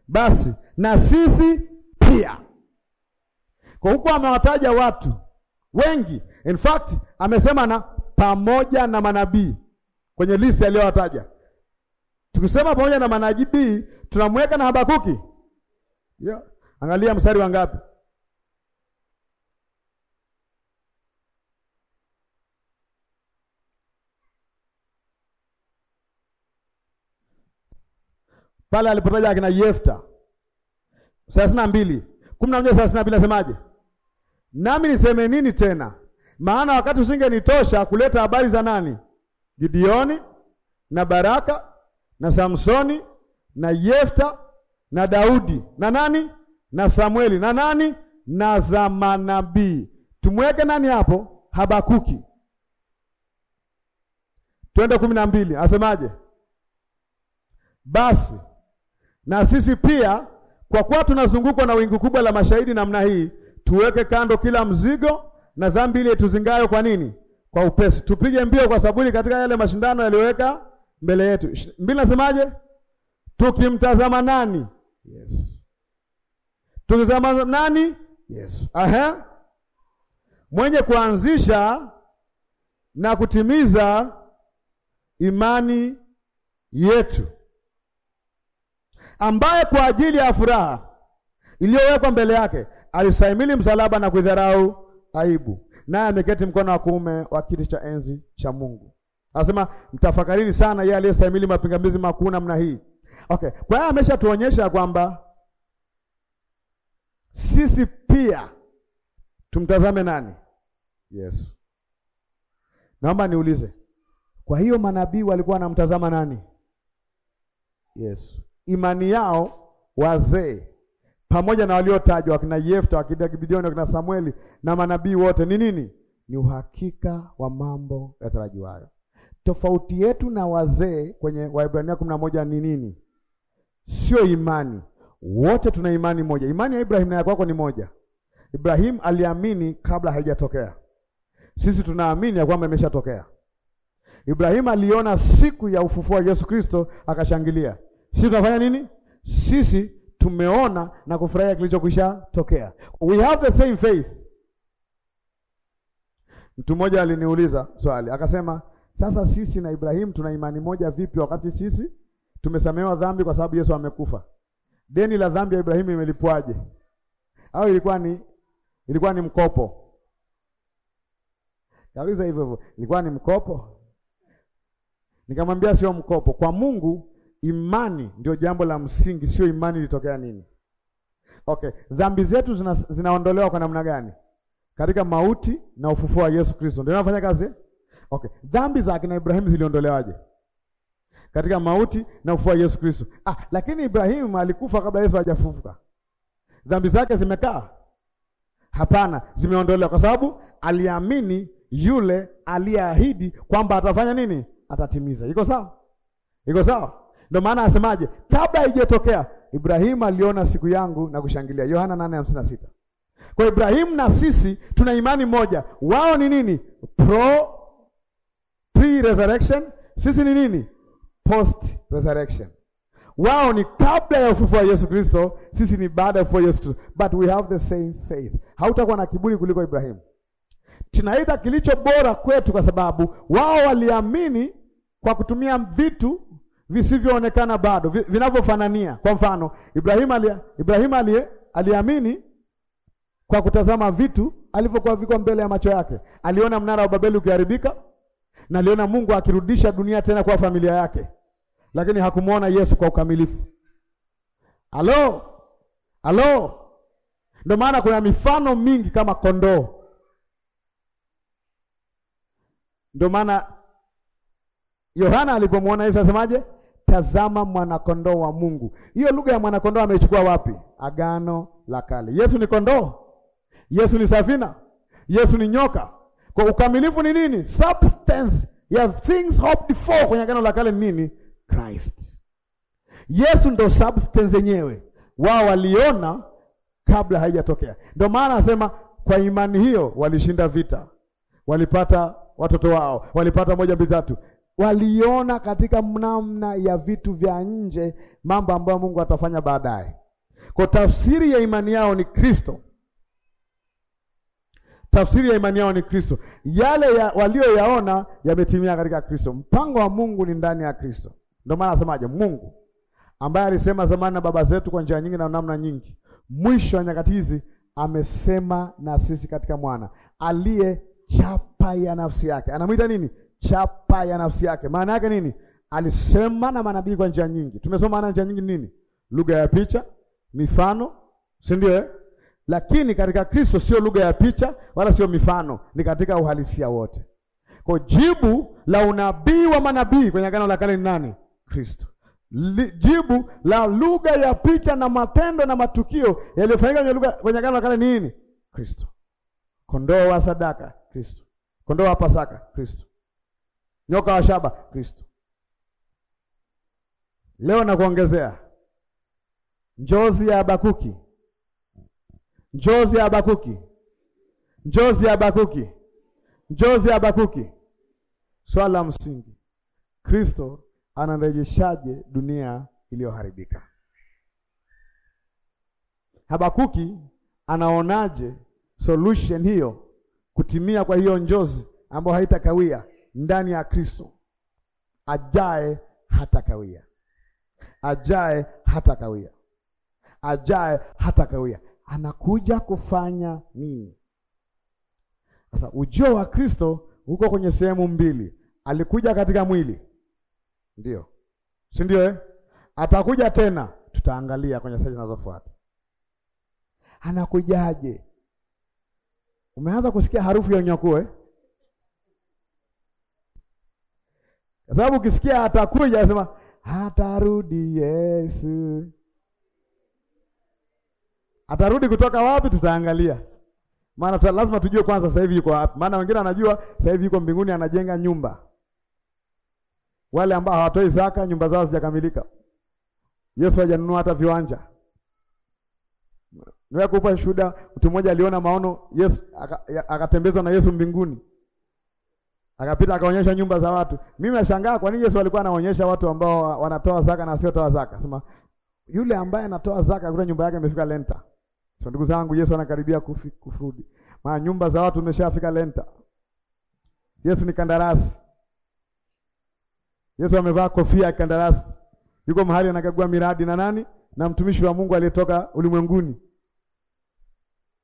basi na sisi pia. Kwa huko amewataja watu wengi, in fact amesema na pamoja na manabii kwenye listi aliyowataja. Tukisema pamoja na manabii tunamweka na Habakuki, yeah. Angalia mstari wa ngapi? Pale alipotaja akina Yefta thelathini na mbili kumi na moja thelathini na mbili nasemaje? Nami niseme nini tena? Maana wakati usingenitosha kuleta habari za nani? Gideoni na Baraka na Samsoni na Yefta na Daudi na nani na Samueli na nani na za manabii. Tumweke nani hapo? Habakuki. Twende kumi na mbili, asemaje? Basi na sisi pia, kwa kuwa tunazungukwa na wingu kubwa la mashahidi namna hii, tuweke kando kila mzigo na dhambi ile tuzingayo. Kwa nini? Kwa upesi, tupige mbio kwa saburi katika yale mashindano yaliyoweka mbele yetu. Mbili nasemaje? Tukimtazama nani? Yesu tukizama nani? Yesu. Aha. Mwenye kuanzisha na kutimiza imani yetu, ambaye kwa ajili ya furaha iliyowekwa mbele yake alisaimili msalaba na kuidharau aibu, naye ameketi mkono wa kuume wa kiti cha enzi cha Mungu. Anasema mtafakarini sana yeye aliyestahimili mapingamizi makuu namna hii. Okay, kwa hiyo ameshatuonyesha kwamba sisi pia tumtazame nani? Yesu. Naomba niulize, kwa hiyo manabii walikuwa wanamtazama nani? Yesu. Imani yao wazee pamoja na waliotajwa wakina Yefta, wakina gibidioni wakina Samueli na manabii wote ni nini? Ni uhakika wa mambo yatarajiwayo. Tofauti yetu na wazee kwenye Waebrania kumi na moja ni nini? Sio imani wote tuna imani moja. Imani ya Ibrahim na ya kwako ni moja. Ibrahim aliamini kabla haijatokea. Sisi tunaamini ya kwamba imeshatokea. Ibrahim aliona siku ya ufufuo wa Yesu Kristo akashangilia. Sisi tunafanya nini? Sisi tumeona na kufurahia kilichokwisha tokea. We have the same faith. Mtu mmoja aliniuliza swali akasema, sasa sisi na Ibrahim tuna imani moja vipi, wakati sisi tumesamehewa dhambi kwa sababu Yesu amekufa? Deni la dhambi ya Ibrahimu imelipwaje? Au ilikuwa ni ilikuwa ni mkopo? Kauliza hivyo hivyo, ilikuwa ni mkopo? Nikamwambia sio mkopo. Kwa Mungu imani ndio jambo la msingi, sio imani ilitokea nini. Okay, dhambi zetu zina, zinaondolewa kwa namna gani? Katika mauti na ufufuo wa Yesu Kristo. Ndio inafanya kazi? Okay. Dhambi za akina Ibrahimu ziliondolewaje? katika mauti na ufufuo wa Yesu Kristo. Ah, lakini Ibrahimu alikufa kabla Yesu hajafufuka. Dhambi zake zimekaa? Hapana, zimeondolewa kwa sababu aliamini yule aliyeahidi kwamba atafanya nini? Atatimiza. Iko sawa? Iko sawa? Ndio maana asemaje, kabla haijatokea Ibrahimu aliona siku yangu na kushangilia, Yohana 8:56. Kwa Ibrahimu na sisi tuna imani moja. Wao ni nini? Pro pre resurrection, sisi ni nini? post resurrection. Wao ni kabla ya ufufuo wa Yesu Kristo, sisi ni baada ya ufufuo wa Yesu Kristo, but we have the same faith. Hautakuwa na kiburi kuliko Ibrahimu. Tunaita kilicho bora kwetu, kwa sababu wao waliamini kwa kutumia vitu visivyoonekana bado vinavyofanania. Kwa mfano Ibrahimu ali, Ibrahimu ali, aliamini kwa kutazama vitu alivyokuwa viko mbele ya macho yake. Aliona mnara wa Babeli ukiharibika naliona Mungu akirudisha dunia tena kwa familia yake, lakini hakumwona Yesu kwa ukamilifu. Halo, halo. Ndio maana kuna mifano mingi kama kondoo. Ndio maana Yohana alipomwona Yesu asemaje? Tazama mwanakondoo wa Mungu. Hiyo lugha ya mwanakondoo ameichukua wapi? Agano la Kale. Yesu ni kondoo? Yesu ni safina? Yesu ni nyoka? Kwa ukamilifu ni nini? Substance ya things hoped for kwenye agano la kale ni nini? Christ. Yesu ndo substance yenyewe, wao waliona kabla haijatokea. Ndio maana anasema kwa imani hiyo walishinda vita, walipata watoto wao, walipata moja mbili tatu. Waliona katika namna ya vitu vya nje mambo ambayo Mungu atafanya baadaye. Kwa tafsiri ya imani yao ni Kristo, Tafsiri ya imani yao ni Kristo. Yale ya, walioyaona yametimia katika Kristo. Mpango wa Mungu ni ndani ya Kristo. Ndio maana nasemaje, Mungu ambaye alisema zamani na baba zetu kwa njia nyingi na namna nyingi, mwisho wa nyakati hizi amesema na sisi katika mwana aliye chapa ya nafsi yake. Anamwita nini? Chapa ya nafsi yake. Maana yake nini? Alisema na manabii kwa njia nyingi. Tumesoma na njia nyingi nini? Lugha ya picha, mifano, si ndio? Eh? Lakini katika Kristo sio lugha ya picha wala sio mifano, ni katika uhalisia wote. Kwa jibu la unabii wa manabii kwenye agano la kale ni nani? Kristo. Jibu la lugha ya picha na matendo na matukio yaliyofanyika kwenye lugha kwenye agano la kale ni nini? Kristo. Kondoo wa sadaka, Kristo. Kondoo wa Pasaka, Kristo. Nyoka wa shaba, Kristo. Leo nakuongezea njozi ya Habakuki Njozi ya Habakuki, njozi ya Habakuki, njozi ya Habakuki. Swala la msingi, Kristo anarejeshaje dunia iliyoharibika? Habakuki anaonaje solution hiyo kutimia kwa hiyo njozi ambayo haitakawia ndani ya Kristo ajae hata kawia ajae hata kawia ajae hata kawia anakuja kufanya nini? Sasa ujio wa Kristo uko kwenye sehemu mbili. Alikuja katika mwili, ndio, si ndio? Eh, atakuja tena, tutaangalia kwenye sehemu zinazofuata. Anakujaje? Umeanza kusikia harufu ya unyakuo eh? Kwa sababu ukisikia atakuja, anasema hatarudi Yesu Atarudi kutoka wapi? Tutaangalia, maana tuta, lazima tujue kwanza sasa hivi yuko wapi, maana wengine anajua sasa hivi yuko mbinguni anajenga nyumba. Wale ambao hawatoi zaka, nyumba zao hazijakamilika. Yesu hajanunua hata viwanja. Niwe kupa shuhuda, mtu mmoja aliona maono Yesu, akatembezwa na Yesu mbinguni, akapita akaonyesha nyumba za watu. Mimi nashangaa kwa nini Yesu alikuwa anaonyesha watu ambao wanatoa zaka na wasiotoa zaka. Sema yule ambaye anatoa zaka kuta nyumba yake imefika lenta So ndugu zangu, Yesu anakaribia kufurudi. Maana nyumba za watu zimeshafika lenta. Yesu ni kandarasi. Yesu amevaa kofia ya kandarasi. Yuko mahali anakagua miradi na nani? Na mtumishi wa Mungu aliyetoka ulimwenguni.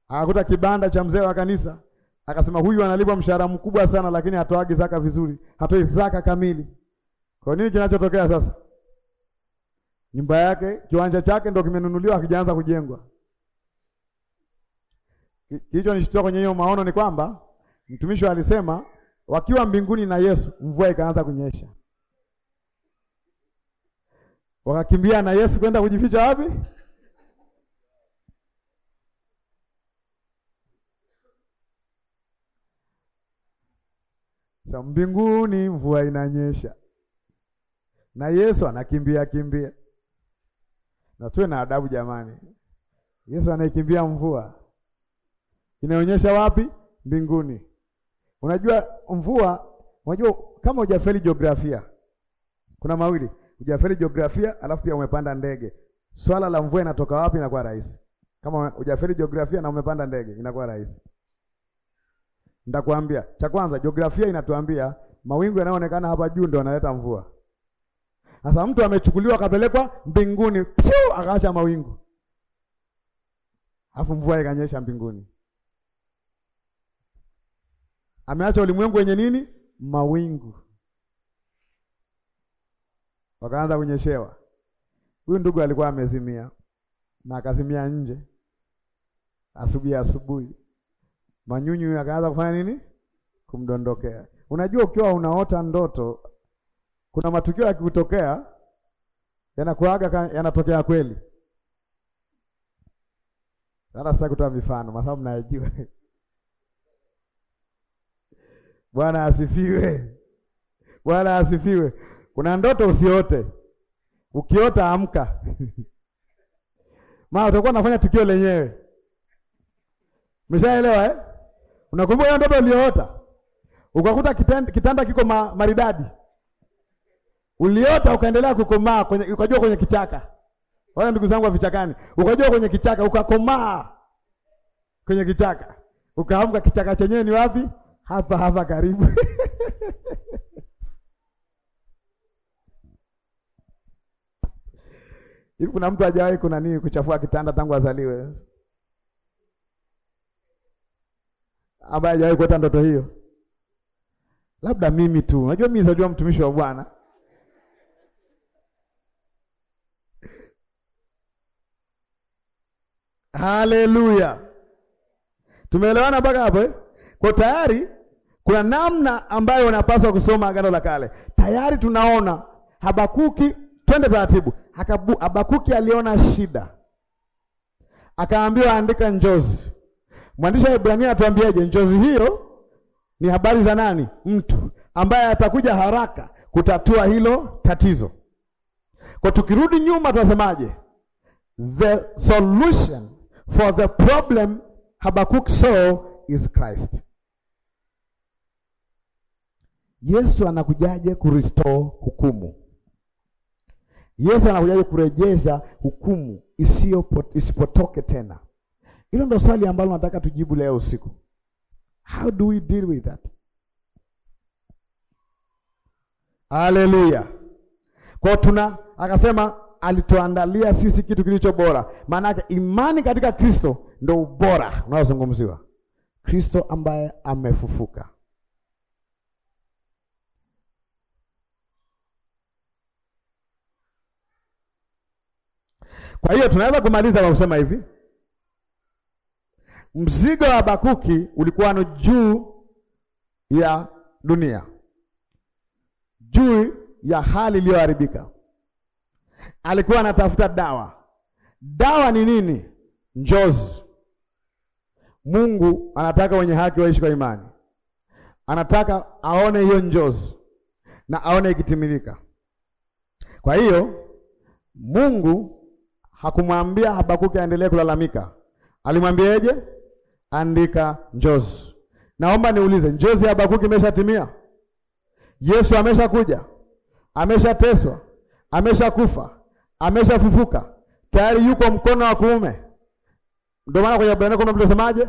Akakuta kibanda cha mzee wa kanisa, akasema huyu analipwa mshahara mkubwa sana lakini hatoagi zaka vizuri, hatoi zaka kamili. Kwa nini kinachotokea sasa? Nyumba yake, kiwanja chake ndio kimenunuliwa hakijaanza kujengwa. Kilichonishtua kwenye hiyo maono ni kwamba mtumishi alisema wakiwa mbinguni na Yesu, mvua ikaanza kunyesha, wakakimbia na Yesu kwenda kujificha wapi? Sa mbinguni mvua inanyesha na Yesu anakimbia kimbia. Na tuwe na adabu jamani, Yesu anaikimbia mvua inaonyesha wapi? Mbinguni. Unajua mvua, unajua kama hujafeli jiografia, kuna mawili, hujafeli jiografia alafu pia umepanda ndege, swala la mvua inatoka wapi inakuwa rahisi. Kama hujafeli jiografia na umepanda ndege inakuwa rahisi. Nitakwambia cha kwanza, jiografia inatuambia mawingu yanayoonekana hapa juu ndio yanaleta mvua. Sasa mtu amechukuliwa akapelekwa mbinguni, akaacha mawingu, alafu mvua ikanyesha mbinguni ameacha ulimwengu wenye nini? Mawingu, wakaanza kunyeshewa. Huyu ndugu alikuwa amezimia na akazimia nje asubuhi asubuhi, manyunyu akaanza kufanya nini? Kumdondokea. Unajua, ukiwa unaota ndoto kuna matukio yakikutokea yanakuaga yanatokea kweli. Sasa sitaki kutoa mifano kwa sababu Bwana asifiwe. Bwana asifiwe. Kuna ndoto usiote, ukiota amka <laughs> maana utakuwa unafanya tukio lenyewe. Umeshaelewa eh? Unakumbuka hiyo ndoto uliyoota, ukakuta kitanda, kitanda kiko ma, maridadi, uliota ukaendelea kukomaa kwenye, ukajua kwenye kichaka, wale ndugu zangu wa vichakani, ukajua kwenye kichaka, ukakomaa kwenye kichaka, ukaamka kichaka chenyewe ni wapi? hapa hapa karibu <laughs> hivi. Kuna mtu hajawahi kuna nini kuchafua kitanda tangu azaliwe, ambaye hajawahi kuota ndoto hiyo? Labda mimi tu, unajua mimi sajua mtumishi wa Bwana Haleluya, tumeelewana mpaka hapo eh? Kwa tayari kuna namna ambayo wanapaswa kusoma Agano la Kale. Tayari tunaona Habakuki, twende taratibu. Habakuki aliona shida, akaambiwa andika njozi. Mwandishi wa Ibrania atuambiaje? Njozi hiyo ni habari za nani? Mtu ambaye atakuja haraka kutatua hilo tatizo. Kwa tukirudi nyuma tunasemaje? The solution for the problem Habakkuk saw is Christ. Yesu anakujaje kurestore hukumu? Yesu anakujaje kurejesha hukumu isiyopot, isipotoke tena? Hilo ndo swali ambalo nataka tujibu leo usiku. How do we deal with that? Haleluya. Kwa tuna akasema alituandalia sisi kitu kilicho bora. Maana yake imani katika Kristo ndo ubora unaozungumziwa. Kristo ambaye amefufuka. Kwa hiyo tunaweza kumaliza kwa kusema hivi, mzigo wa Habakuki ulikuwa ni juu ya dunia, juu ya hali iliyoharibika. Alikuwa anatafuta dawa. Dawa ni nini? Njozi. Mungu anataka wenye haki waishi kwa imani, anataka aone hiyo njozi na aone ikitimilika. Kwa hiyo Mungu hakumwambia Habakuki aendelee kulalamika. Alimwambiaje? Andika njozi. Naomba niulize, njozi ya Habakuki imeshatimia? Yesu ameshakuja, ameshateswa, ameshakufa, ameshafufuka, tayari yuko mkono wa kuume. Ndio maana kwenye Biblia kuna mtasemaje?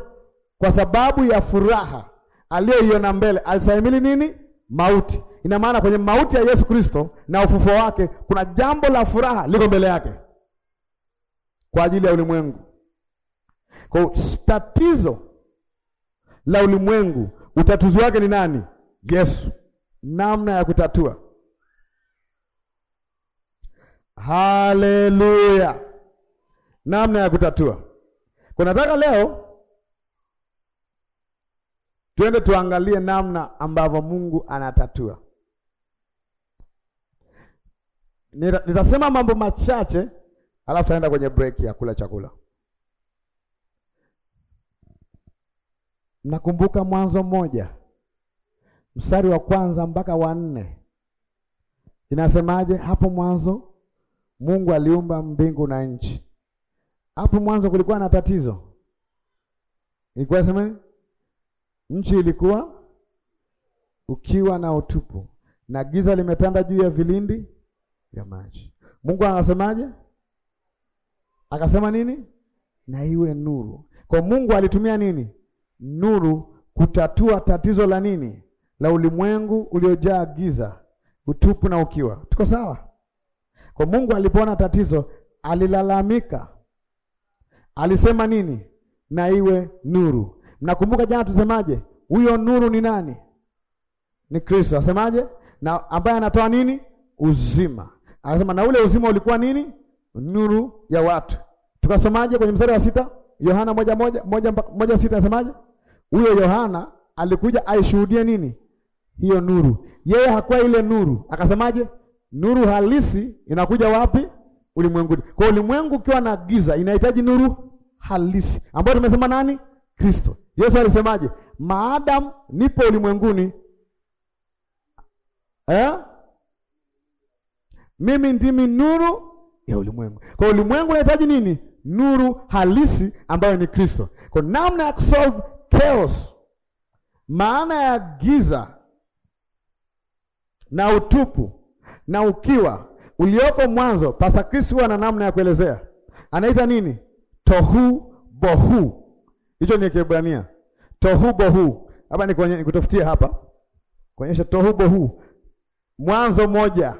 Kwa sababu ya furaha aliyoiona mbele, alisahimili nini? Mauti. Ina maana kwenye mauti ya Yesu Kristo na ufufuo wake kuna jambo la furaha liko mbele yake kwa ajili ya ulimwengu. Kwa tatizo la ulimwengu, utatuzi wake ni nani? Yesu. Namna ya kutatua. Haleluya, namna ya kutatua. Kwa nataka leo tuende tuangalie namna ambavyo Mungu anatatua. Nitasema mambo machache Alafu taenda kwenye break ya kula chakula. Nakumbuka Mwanzo mmoja mstari wa kwanza mpaka wa nne inasemaje? Hapo mwanzo Mungu aliumba mbingu na nchi. Hapo mwanzo kulikuwa na tatizo, ilikuwa sema nchi ilikuwa ukiwa na utupu na giza limetanda juu ya vilindi vya maji. Mungu anasemaje? akasema nini? Na iwe nuru. Kwa Mungu alitumia nini? Nuru kutatua tatizo la nini? La ulimwengu uliojaa giza, utupu na ukiwa. Tuko sawa? Kwa Mungu alipoona tatizo, alilalamika, alisema nini? Na iwe nuru. Mnakumbuka jana tusemaje? Huyo nuru ni nani? Ni Kristo. Asemaje? Na ambaye anatoa nini? Uzima. Anasema na ule uzima ulikuwa nini? nuru ya watu. Tukasomaje kwenye mstari wa sita? Yohana moja moja moja moja sita nasemaje? Huyo Yohana alikuja aishuhudie nini? Hiyo nuru. Yeye hakuwa ile nuru. Akasemaje? Nuru halisi inakuja wapi? Ulimwenguni. Kwa ulimwengu ukiwa na giza, inahitaji nuru halisi ambayo tumesema nani? Kristo. Yesu alisemaje? Maadamu nipo ulimwenguni eh? Mimi ndimi nuru ya ulimwengu. Kwa ulimwengu unahitaji nini? Nuru halisi ambayo ni Kristo. Kwa namna ya kusolve chaos, maana ya giza na utupu na ukiwa uliopo mwanzo. Pastor Chris huwa na namna ya kuelezea, anaita nini? Tohu bohu. Hicho ni Kiebrania, tohu bohu. Hapa nikutofutie hapa kuonyesha tohu bohu, Mwanzo moja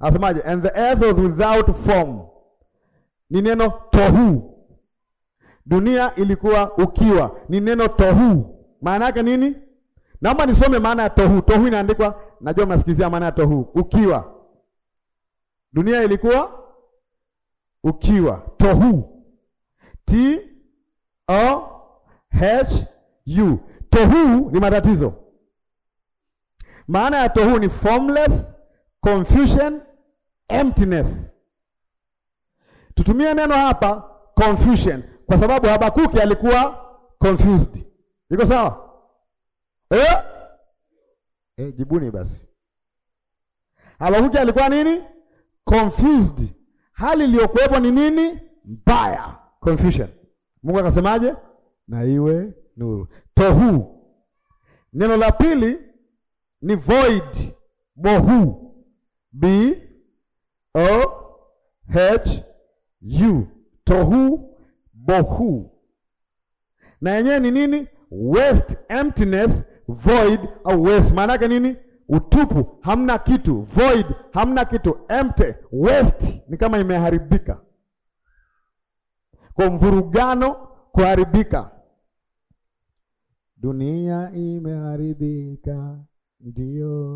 Asemaje? And the earth was without form, ni neno tohu. Dunia ilikuwa ukiwa, ni neno tohu. Maana yake nini? Naomba nisome maana ya tohu. Tohu inaandikwa, najua mnasikizia maana ya tohu, ukiwa. Dunia ilikuwa ukiwa, tohu, T O H U. Tohu ni matatizo. Maana ya tohu ni formless, confusion, emptiness. Tutumie neno hapa confusion, kwa sababu Habakuki alikuwa confused. Iko sawa eh? Eh, jibuni basi. Habakuki alikuwa nini? Confused. Hali iliyokuwepo ni nini? Mbaya, confusion. Mungu akasemaje? Na iwe nuru. Tohu. Neno la pili ni void, bohu, b O H U tohu bohu, na yenyewe ni nini? Waste, emptiness, void au waste. Maana yake nini? Utupu, hamna kitu. Void, hamna kitu. Empty, waste ni kama imeharibika, kwa mvurugano, kuharibika. Dunia imeharibika, ndio.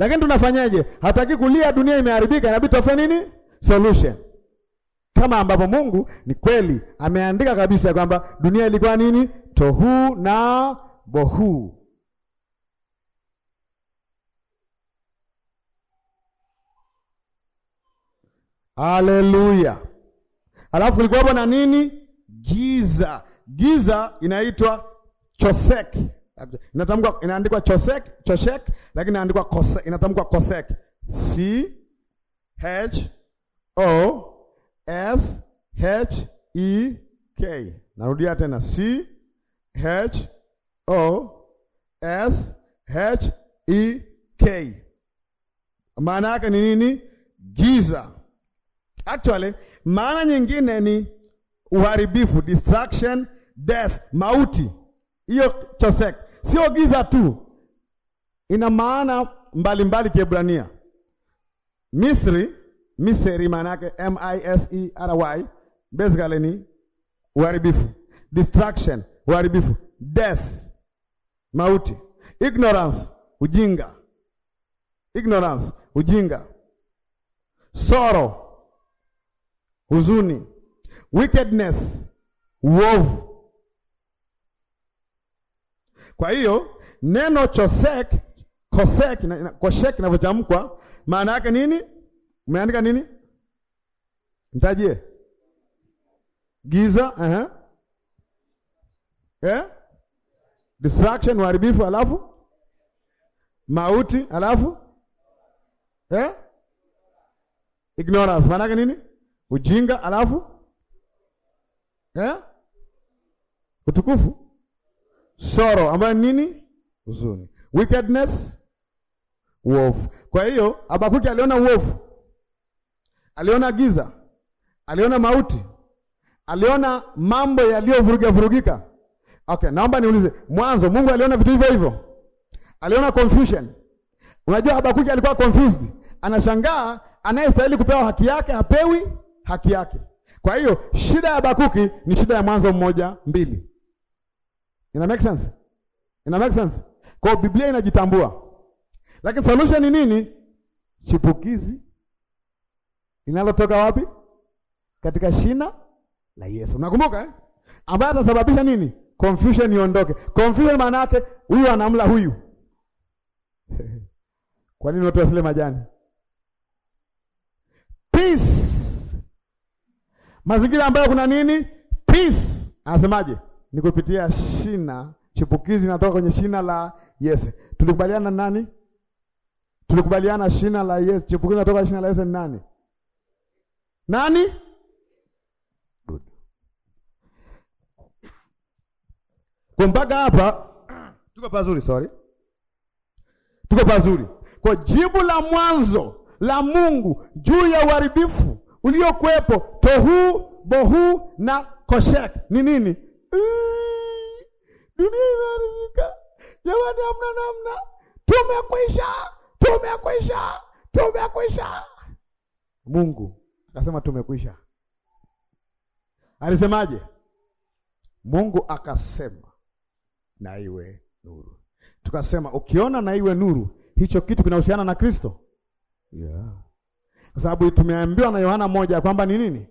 Lakini tunafanyaje? Hataki kulia dunia imeharibika, inabidi tafute nini? Solution. Kama ambapo Mungu ni kweli ameandika kabisa kwamba dunia ilikuwa nini? Tohu na bohu. Haleluya. Alafu kulikuwa na nini? Giza. Giza inaitwa choseki Inatamkwa inaandikwa Chosek, Choshek lakini inaandikwa Kosek, inatamkwa Kosek. C H O S H E K. Narudia tena C H O S H E K. Maana yake ni nini? Giza. Actually, maana nyingine ni uharibifu, destruction, death, mauti. Hiyo Chosek sio giza tu, ina maana mbalimbali Kiebrania. Misri, Misri maana yake M I S E R Y basically ni uharibifu, destruction uharibifu, death mauti, ignorance ujinga, ignorance ujinga, sorrow huzuni, wickedness uovu kwa hiyo neno chosek kosek na koshek inavyotamkwa maana yake nini? Umeandika nini? Mtajie. Giza, eh? Uh-huh. Eh? Distraction, uharibifu alafu mauti alafu eh? Ignorance maana yake nini? Ujinga alafu eh? Utukufu sorrow ambayo nini? Huzuni. Wickedness, uovu. Kwa hiyo Habakuki aliona uovu, aliona giza, aliona mauti, aliona mambo yaliyovuruga vurugika. Okay, naomba niulize, mwanzo Mungu aliona vitu hivyo hivyo? Aliona confusion. Unajua Habakuki alikuwa confused, anashangaa anayestahili kupewa haki yake hapewi haki yake. Kwa hiyo shida ya Habakuki ni shida ya Mwanzo mmoja mbili. Ina make sense? Ina make sense? Kwa Biblia inajitambua, lakini solution ni nini? Chipukizi linalotoka wapi? Katika shina la Yesu. Unakumbuka eh? Ambaye atasababisha nini? Confusion iondoke. Confusion maana yake huyu anamla huyu. <laughs> Kwa nini watu wasile majani? Peace. Mazingira ambayo kuna nini? Peace. Anasemaje? ni kupitia shina chipukizi, inatoka kwenye shina la Yese. Tulikubaliana nani? Tulikubaliana shina la Yese, chipukizi inatoka shina la Yese ni nani? Nani? Good. Kwa mpaka hapa tuko pazuri, sorry. Tuko pazuri. Kwa jibu la mwanzo la Mungu juu ya uharibifu uliokuwepo tohu bohu na koshek ni nini? dunia imeharibika jamani, hamna namna, tumekwisha, tumekwisha, tumekwisha. Mungu akasema tumekwisha. Alisemaje? Mungu akasema na iwe nuru. Tukasema ukiona na iwe nuru, hicho kitu kinahusiana na Kristo, yeah. Kwa sababu tumeambiwa na Yohana moja kwamba ni nini?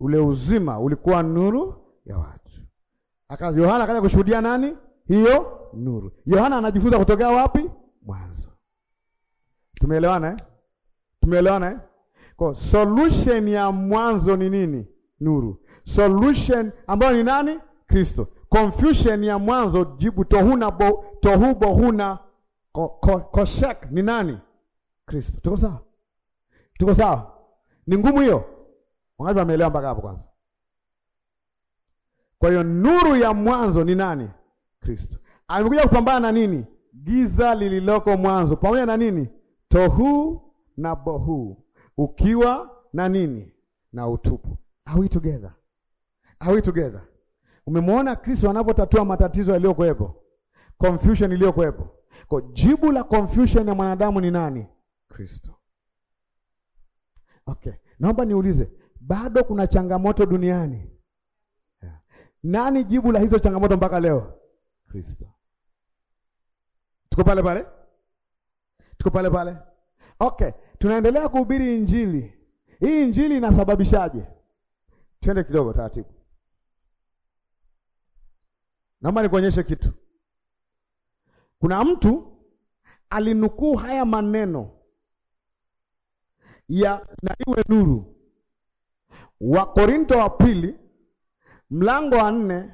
Ule uzima ulikuwa nuru ya watu. Aka Yohana akaja kushuhudia nani? Hiyo nuru. Yohana anajifunza kutokea wapi? Mwanzo. Tumeelewana eh? Tumeelewana eh? Kwa solution ya mwanzo ni nini? Nuru. Solution ambayo ni nani? Kristo. Confusion ya mwanzo jibu tohuna bo, tohu bohuna ko, ko, koshek ni nani? Kristo. Tuko sawa? Tuko sawa? Ni ngumu hiyo? Wangapi wameelewa mpaka hapo kwanza? Kwa hiyo nuru ya mwanzo ni nani? Kristo. Amekuja kupambana na nini? Giza lililoko mwanzo, pamoja na nini? Tohu na bohu, ukiwa na nini? Na utupu. Are we together? Are we together? Umemwona Kristo anavyotatua matatizo yaliyokuwepo, confusion iliyokuwepo. Kwa jibu la confusion ya mwanadamu ni nani? Kristo. Okay, naomba niulize, bado kuna changamoto duniani nani jibu la hizo changamoto mpaka leo? Kristo. Tuko pale pale, tuko pale pale. Okay, tunaendelea kuhubiri injili hii. Injili inasababishaje? Twende kidogo taratibu, naomba nikuonyeshe kitu. Kuna mtu alinukuu haya maneno ya na iwe nuru, Wakorinto wa pili mlango wa nne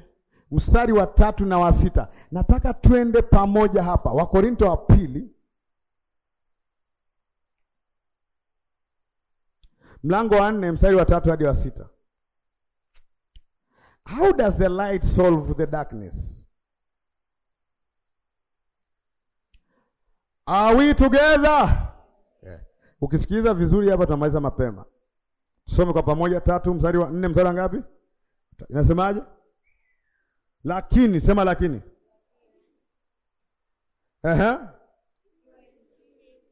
mstari wa tatu na wa sita. Nataka twende pamoja hapa, Wakorinto wa pili mlango wa nne mstari wa tatu hadi wa sita. How does the light solve the darkness? Are we together? Yeah. Ukisikiliza vizuri hapa tunamaliza mapema. Tusome kwa pamoja tatu mstari wa nne mstari wa ngapi? Inasemaje? Lakini sema lakini, ehe,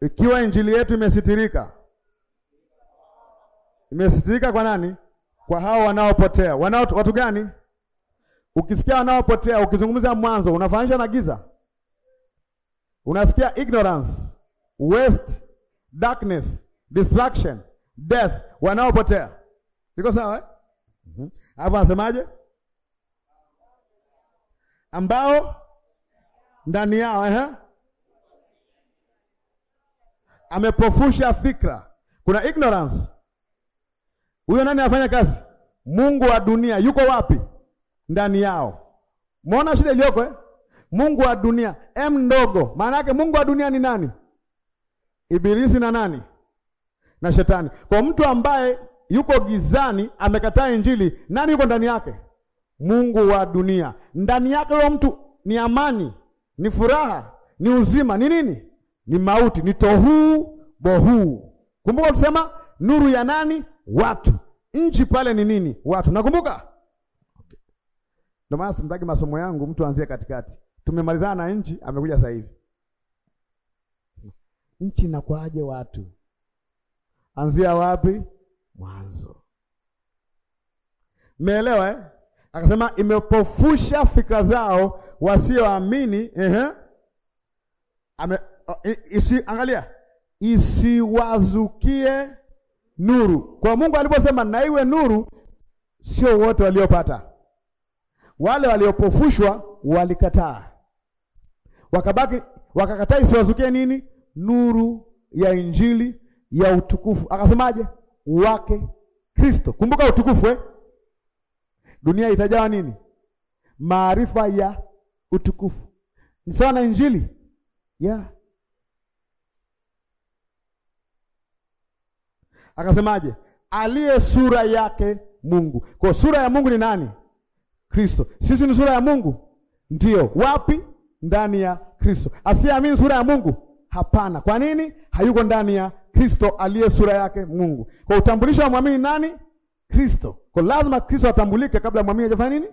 ikiwa injili yetu imesitirika, imesitirika kwa nani? Kwa hao wanaopotea. Wanao watu gani? Ukisikia wanaopotea, ukizungumza mwanzo, unafanisha na giza, unasikia ignorance, waste, darkness, destruction, death, wanaopotea. Iko sawa eh? Hmm? Alafu anasemaje? Ambao ndani yao eh? Amepofusha fikra. Kuna ignorance. Huyo nani afanya kazi? Mungu wa dunia yuko wapi? Ndani yao. Muona shida iliyoko eh? Mungu wa dunia m ndogo, maana yake Mungu wa dunia ni nani? Ibilisi na nani? Na shetani. Kwa mtu ambaye yuko gizani, amekataa Injili. Nani yuko ndani yake? Mungu wa dunia. Ndani yake huyo mtu ni amani, ni furaha, ni uzima, ni nini? Ni mauti, ni tohu bohu. Kumbuka tusema nuru ya nani? Watu. Nchi pale ni nini? Watu. Nakumbuka ndio maana simtaki masomo yangu mtu aanzie katikati. Tumemalizana na nchi, amekuja sasa hivi. Nchi inakuaje? Watu anzia wapi? mwanzo. Mmeelewa eh? Akasema imepofusha fikra zao wasioamini. eh? ame isi, angalia, isiwazukie nuru. Kwa Mungu aliposema na iwe nuru, sio wote waliopata. Wale waliopofushwa walikataa, wakabaki wakakataa isiwazukie nini? Nuru ya injili ya utukufu. Akasemaje? wake Kristo. Kumbuka utukufu eh? Dunia itajawa nini? Maarifa ya utukufu. Ni sawa na injili yeah. Akasemaje? aliye sura yake Mungu. Kwa sura ya Mungu ni nani? Kristo. Sisi ni sura ya Mungu, ndio. Wapi? Ndani ya Kristo. Asiyeamini sura ya Mungu? Hapana. Kwa nini? Hayuko ndani ya Kristo aliye sura yake Mungu. Kwa utambulisho wa mwamini nani? Kristo. Kwa lazima Kristo atambulike kabla mwamini hajafanya nini?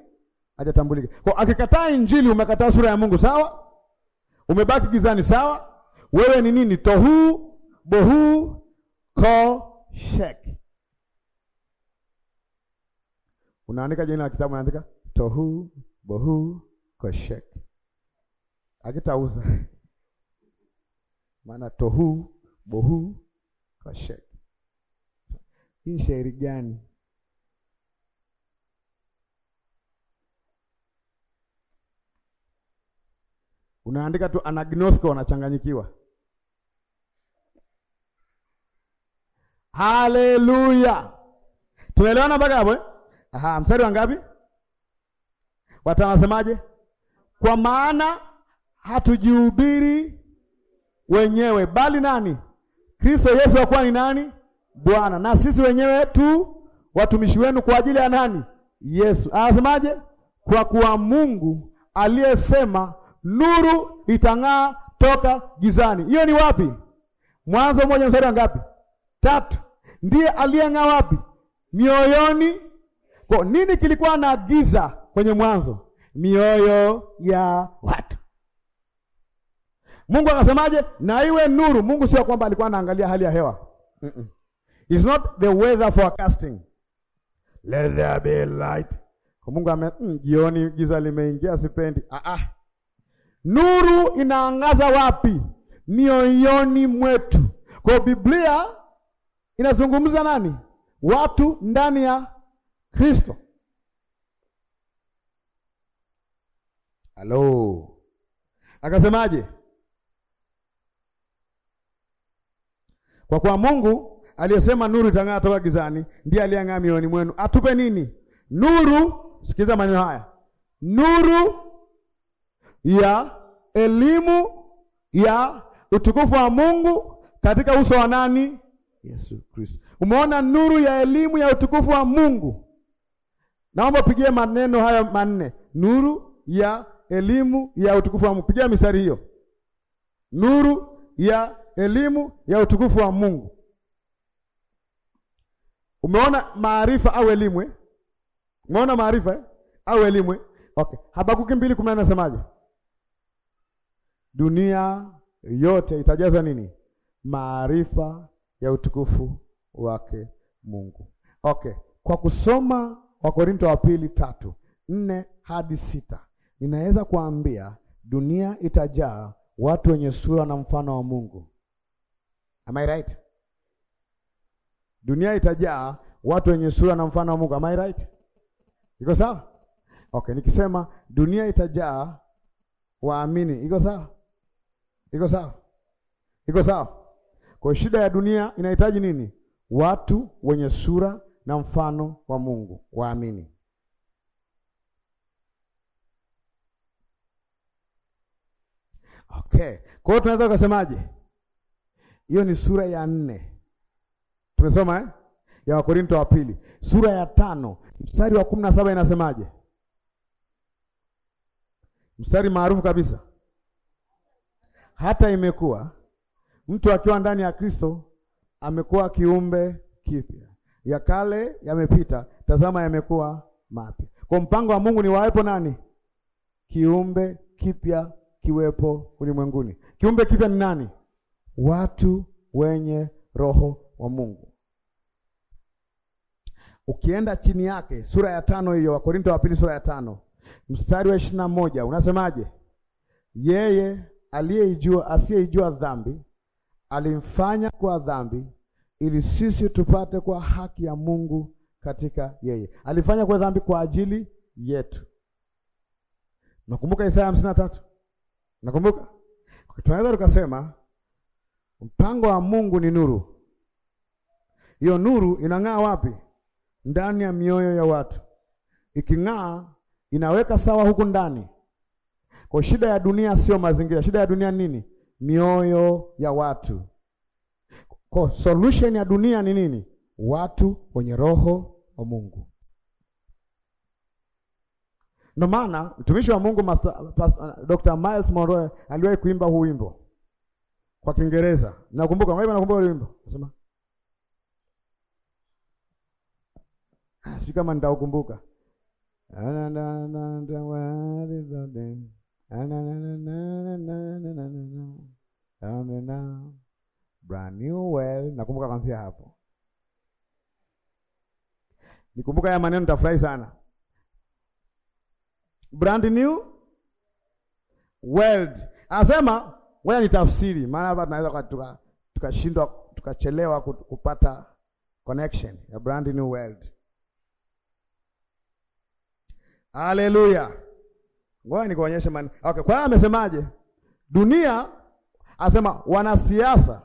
Hajatambulike. Kwa akikataa injili umekataa sura ya Mungu, sawa? Umebaki gizani, sawa? Wewe ni nini? Tohu bohu ko shek. Unaandika jina la kitabu, unaandika tohu bohu ko shek. Akitauza maana tohu bohu kwa Hii ni shairi gani? Unaandika tu anagnosko, wanachanganyikiwa. Haleluya, tunaelewana mpaka hapo eh? Aha, mstari wa ngapi? Watanasemaje? Kwa maana hatujihubiri wenyewe, bali nani? Kristo Yesu akuwa ni nani? Bwana. Na sisi wenyewe tu watumishi wenu kwa ajili ya nani? Yesu. Anasemaje? Kwa kuwa Mungu aliyesema nuru itang'aa toka gizani. Hiyo ni wapi? Mwanzo moja mstari ngapi? Tatu. Ndiye aliyeng'aa wapi? Mioyoni. Kwa nini kilikuwa na giza kwenye mwanzo? Mioyo ya watu Mungu akasemaje? Na iwe nuru. Mungu sio kwamba alikuwa anaangalia hali ya hewa. Mm -mm. It's not the weather forecasting. Let there be light. Kwa Mungu ame mm, jioni giza limeingia sipendi. Ah ah. Nuru inaangaza wapi? Mioyoni mwetu. Kwa Biblia inazungumza nani? Watu ndani ya Kristo. Halo. Akasemaje? Kwa kuwa Mungu aliyesema nuru itang'aa toka gizani, ndiye aliyeng'aa mioyoni mwenu atupe nini? Nuru. Sikiza maneno haya, nuru ya elimu ya utukufu wa Mungu katika uso wa nani? Yesu Kristo. Umeona nuru ya elimu ya utukufu wa Mungu. Naomba pigie maneno hayo manne, nuru ya elimu ya utukufu wa Mungu. Pigia mistari hiyo, nuru ya elimu ya utukufu wa Mungu. Umeona maarifa au elimu eh? Umeona maarifa eh? au elimu eh? Okay. Habakuki mbili kumi anasemaje? Dunia yote itajazwa nini? Maarifa ya utukufu wake Mungu. Okay. Kwa kusoma Wakorinto wa pili tatu nne hadi sita ninaweza kuambia dunia itajaa watu wenye sura na mfano wa Mungu Am I right? Dunia itajaa watu wenye sura na mfano wa Mungu. Am I right? Iko sawa? Okay, nikisema dunia itajaa waamini, iko sawa? Iko sawa? Iko sawa? Kwa shida ya dunia inahitaji nini? Watu wenye sura na mfano wa Mungu, waamini. Okay. Kwa hiyo tunaweza kusemaje? Hiyo ni sura ya nne tumesoma eh? ya Wakorinto wa pili sura ya tano mstari wa kumi na saba inasemaje? Mstari maarufu kabisa, hata imekuwa mtu akiwa ndani ya Kristo amekuwa kiumbe kipya, ya kale yamepita, tazama yamekuwa mapya. Kwa mpango wa Mungu ni wawepo nani? Kiumbe kipya kiwepo ulimwenguni. Kiumbe kipya ni nani? watu wenye roho wa Mungu. Ukienda chini yake sura ya tano hiyo, Wakorinto wa pili sura ya tano mstari wa ishirini na moja unasemaje? Yeye aliyeijua asiyeijua dhambi alimfanya kwa dhambi ili sisi tupate kwa haki ya Mungu katika yeye. Alifanya kuwa dhambi kwa ajili yetu. Nakumbuka Isaya hamsini na tatu. Nakumbuka tunaweza tukasema Mpango wa Mungu ni nuru. Hiyo nuru inang'aa wapi? Ndani ya mioyo ya watu, iking'aa inaweka sawa huku ndani. Kwa shida ya dunia sio mazingira, shida ya dunia nini? Mioyo ya watu. Kwa solution ya dunia ni nini? Watu wenye roho wa Mungu. Ndio maana mtumishi wa Mungu Master, Pastor, Dr. Miles Monroe aliwahi kuimba huu wimbo kwa Kiingereza. Nakumbuka wangapi wanakumbuka ile wimbo? Nasema ah, sijui kama nitakumbuka. Brand new well, nakumbuka kuanzia hapo. Nikumbuka haya maneno nitafurahi sana. Brand new world. Asema Ngoja tafsiri, maana hapa tunaweza tukashindwa tukachelewa kupata connection ya brand new world. Haleluya. Ngoja nikuonyeshe man. Okay, kwa hiyo amesemaje? Dunia asema wanasiasa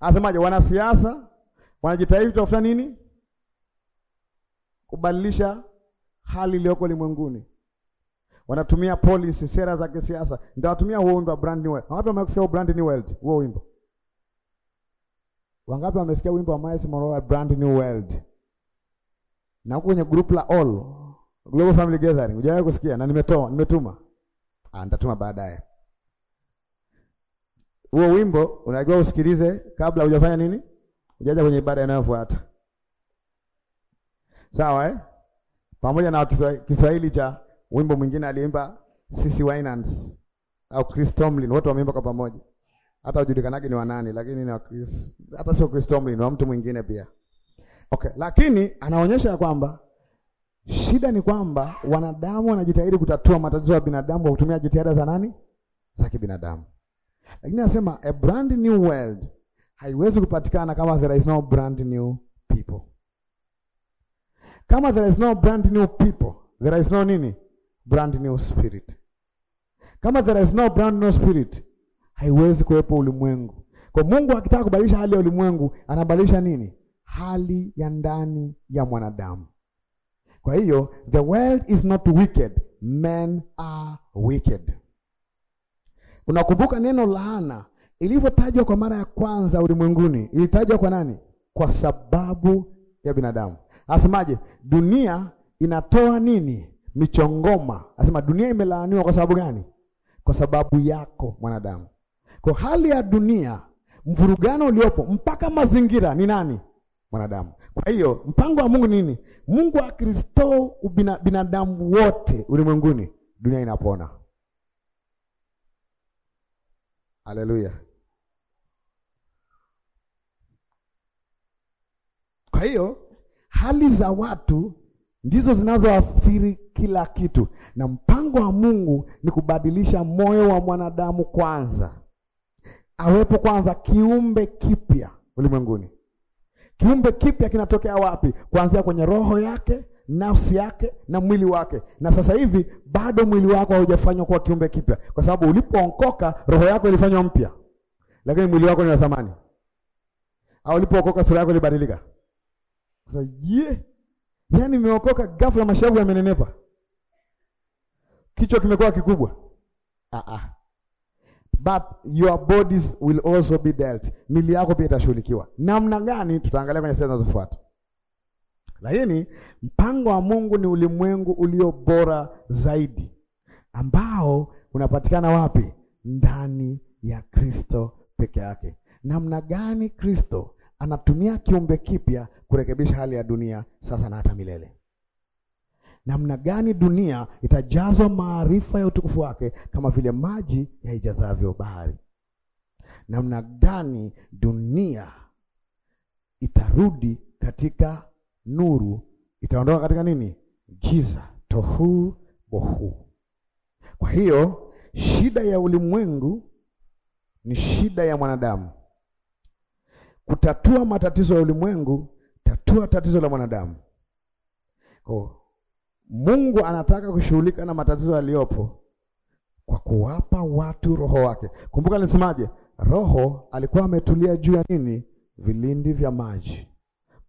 Asemaje? Wanasiasa wanajitahidi kutafuta nini? Kubadilisha hali iliyoko ulimwenguni wanatumia policy, sera za kisiasa. Nitawatumia huo wimbo brand new world. Wangapi wamesikia huo brand new world? Huo wimbo wangapi wamesikia wimbo wa Miles Monroe brand new world? Na huko kwenye group la all Global Family Gathering hujawahi kusikia, na nimetoa nimetuma, ah, nitatuma baadaye. Huo wimbo unajua, usikilize kabla hujafanya nini, hujaja kwenye ibada inayofuata, sawa eh? Pamoja na Kiswahili cha Wimbo mwingine aliimba sisi Winans au Chris Tomlin, wote wameimba kwa pamoja. Hata ujulikanake ni wanani, lakini ni wa Chris. Hata sio Chris Tomlin, wa mtu mwingine pia. Okay, lakini anaonyesha ya kwamba shida ni kwamba wanadamu wanajitahidi kutatua matatizo ya binadamu kwa kutumia jitihada za nani? Za kibinadamu. Lakini anasema a brand new world haiwezi kupatikana kama there is no brand new people. Kama there is no brand new people, there is no nini? brand new spirit. Kama there is no brand new spirit, haiwezi kuwepo ulimwengu. Kwa Mungu akitaka kubadilisha hali ya ulimwengu, anabadilisha nini? Hali ya ndani ya mwanadamu. Kwa hiyo the world is not wicked, men are wicked. Unakumbuka neno laana ilivyotajwa kwa mara ya kwanza ulimwenguni, ilitajwa kwa nani? Kwa sababu ya binadamu. Asemaje? Dunia inatoa nini? michongoma. Anasema dunia imelaaniwa kwa sababu gani? Kwa sababu yako mwanadamu. Kwa hali ya dunia, mvurugano uliopo mpaka mazingira ni nani? Mwanadamu. Kwa hiyo mpango wa Mungu nini? Mungu akristo ubina, binadamu wote ulimwenguni, dunia inapona. Haleluya. Kwa hiyo hali za watu ndizo zinazoathiri kila kitu, na mpango wa Mungu ni kubadilisha moyo wa mwanadamu kwanza, awepo kwanza kiumbe kipya ulimwenguni. Kiumbe kipya kinatokea wapi? Kuanzia kwenye roho yake, nafsi yake na mwili wake. Na sasa hivi bado mwili wako haujafanywa kuwa kiumbe kipya, kwa sababu ulipookoka roho yako ilifanywa mpya, lakini mwili wako ni wa zamani. Au ulipookoka sura yako ilibadilika. So, yeah. Yaani nimeokoka ghafla mashavu yamenenepa. Kichwa kimekuwa kikubwa. Ah ah. But your bodies will also be dealt. Mili yako pia itashughulikiwa. Namna gani? Tutaangalia kwenye sehemu zinazofuata. Lakini mpango wa Mungu ni ulimwengu ulio bora zaidi ambao unapatikana wapi? Ndani ya Kristo peke yake. Namna gani Kristo anatumia kiumbe kipya kurekebisha hali ya dunia sasa na hata milele. Namna gani dunia itajazwa maarifa ya utukufu wake kama vile maji yaijazavyo bahari? Namna gani dunia itarudi katika nuru, itaondoka katika nini? Giza, tohu bohu. Kwa hiyo shida ya ulimwengu ni shida ya mwanadamu Kutatua matatizo ya ulimwengu, tatua tatizo la mwanadamu. Kwa Mungu anataka kushughulika na matatizo yaliyopo kwa kuwapa watu roho wake. Kumbuka nilisemaje? Roho alikuwa ametulia juu ya nini? Vilindi vya maji.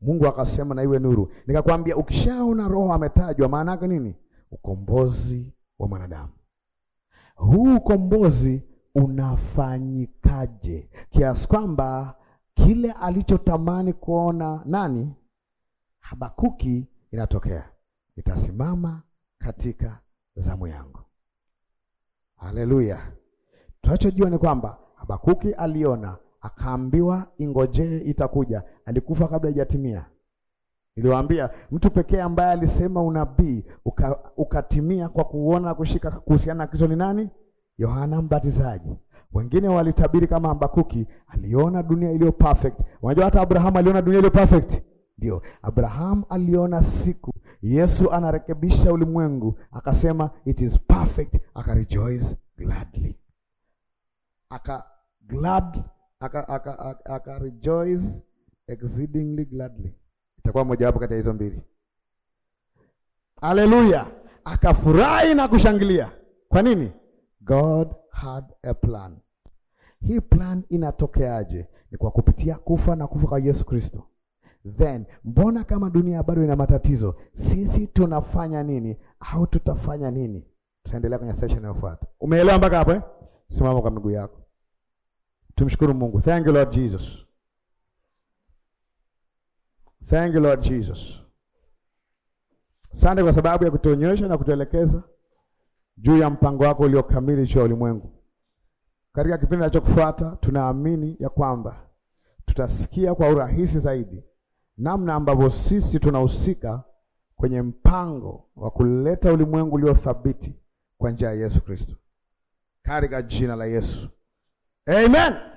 Mungu akasema na iwe nuru. Nikakwambia ukishaona roho ametajwa, maana yake nini? Ukombozi wa mwanadamu. Huu ukombozi unafanyikaje? Kiasi kwamba kile alichotamani kuona nani? Habakuki inatokea. itasimama katika zamu yangu. Haleluya! Tunachojua ni kwamba Habakuki aliona, akaambiwa ingojee, itakuja. Alikufa kabla haijatimia. Niliwaambia mtu pekee ambaye alisema unabii uka, ukatimia kwa kuona kushika kuhusiana na Kristo ni nani? Yohana Mbatizaji. Wengine walitabiri kama Habakuki, aliona dunia iliyo perfect. Unajua hata Abrahamu aliona dunia iliyo perfect. Ndio, Abrahamu aliona siku Yesu anarekebisha ulimwengu, akasema it is perfect, akarejoice gladly, aka glad aka, aka, aka, aka rejoice exceedingly gladly. Itakuwa mojawapo kati ya hizo mbili. Haleluya! Akafurahi na kushangilia. Kwa nini? God had a plan. Hii plan inatokeaje? Ni kwa kupitia kufa na kufa kwa Yesu Kristo. Then mbona kama dunia bado ina matatizo, sisi tunafanya nini au tutafanya nini? Tutaendelea kwenye session inayofuata. Umeelewa mpaka hapo eh? Simama kwa miguu yako. Tumshukuru Mungu. Thank you Lord Jesus. Thank you Lord Jesus. Asante kwa sababu ya kutuonyesha na kutuelekeza juu ya mpango wako uliokamili ulimwengu. Katika kipindi kinachofuata, tunaamini ya kwamba tutasikia kwa urahisi zaidi namna ambavyo sisi tunahusika kwenye mpango wa kuleta ulimwengu uliothabiti kwa njia ya Yesu Kristo, katika jina la Yesu, amen.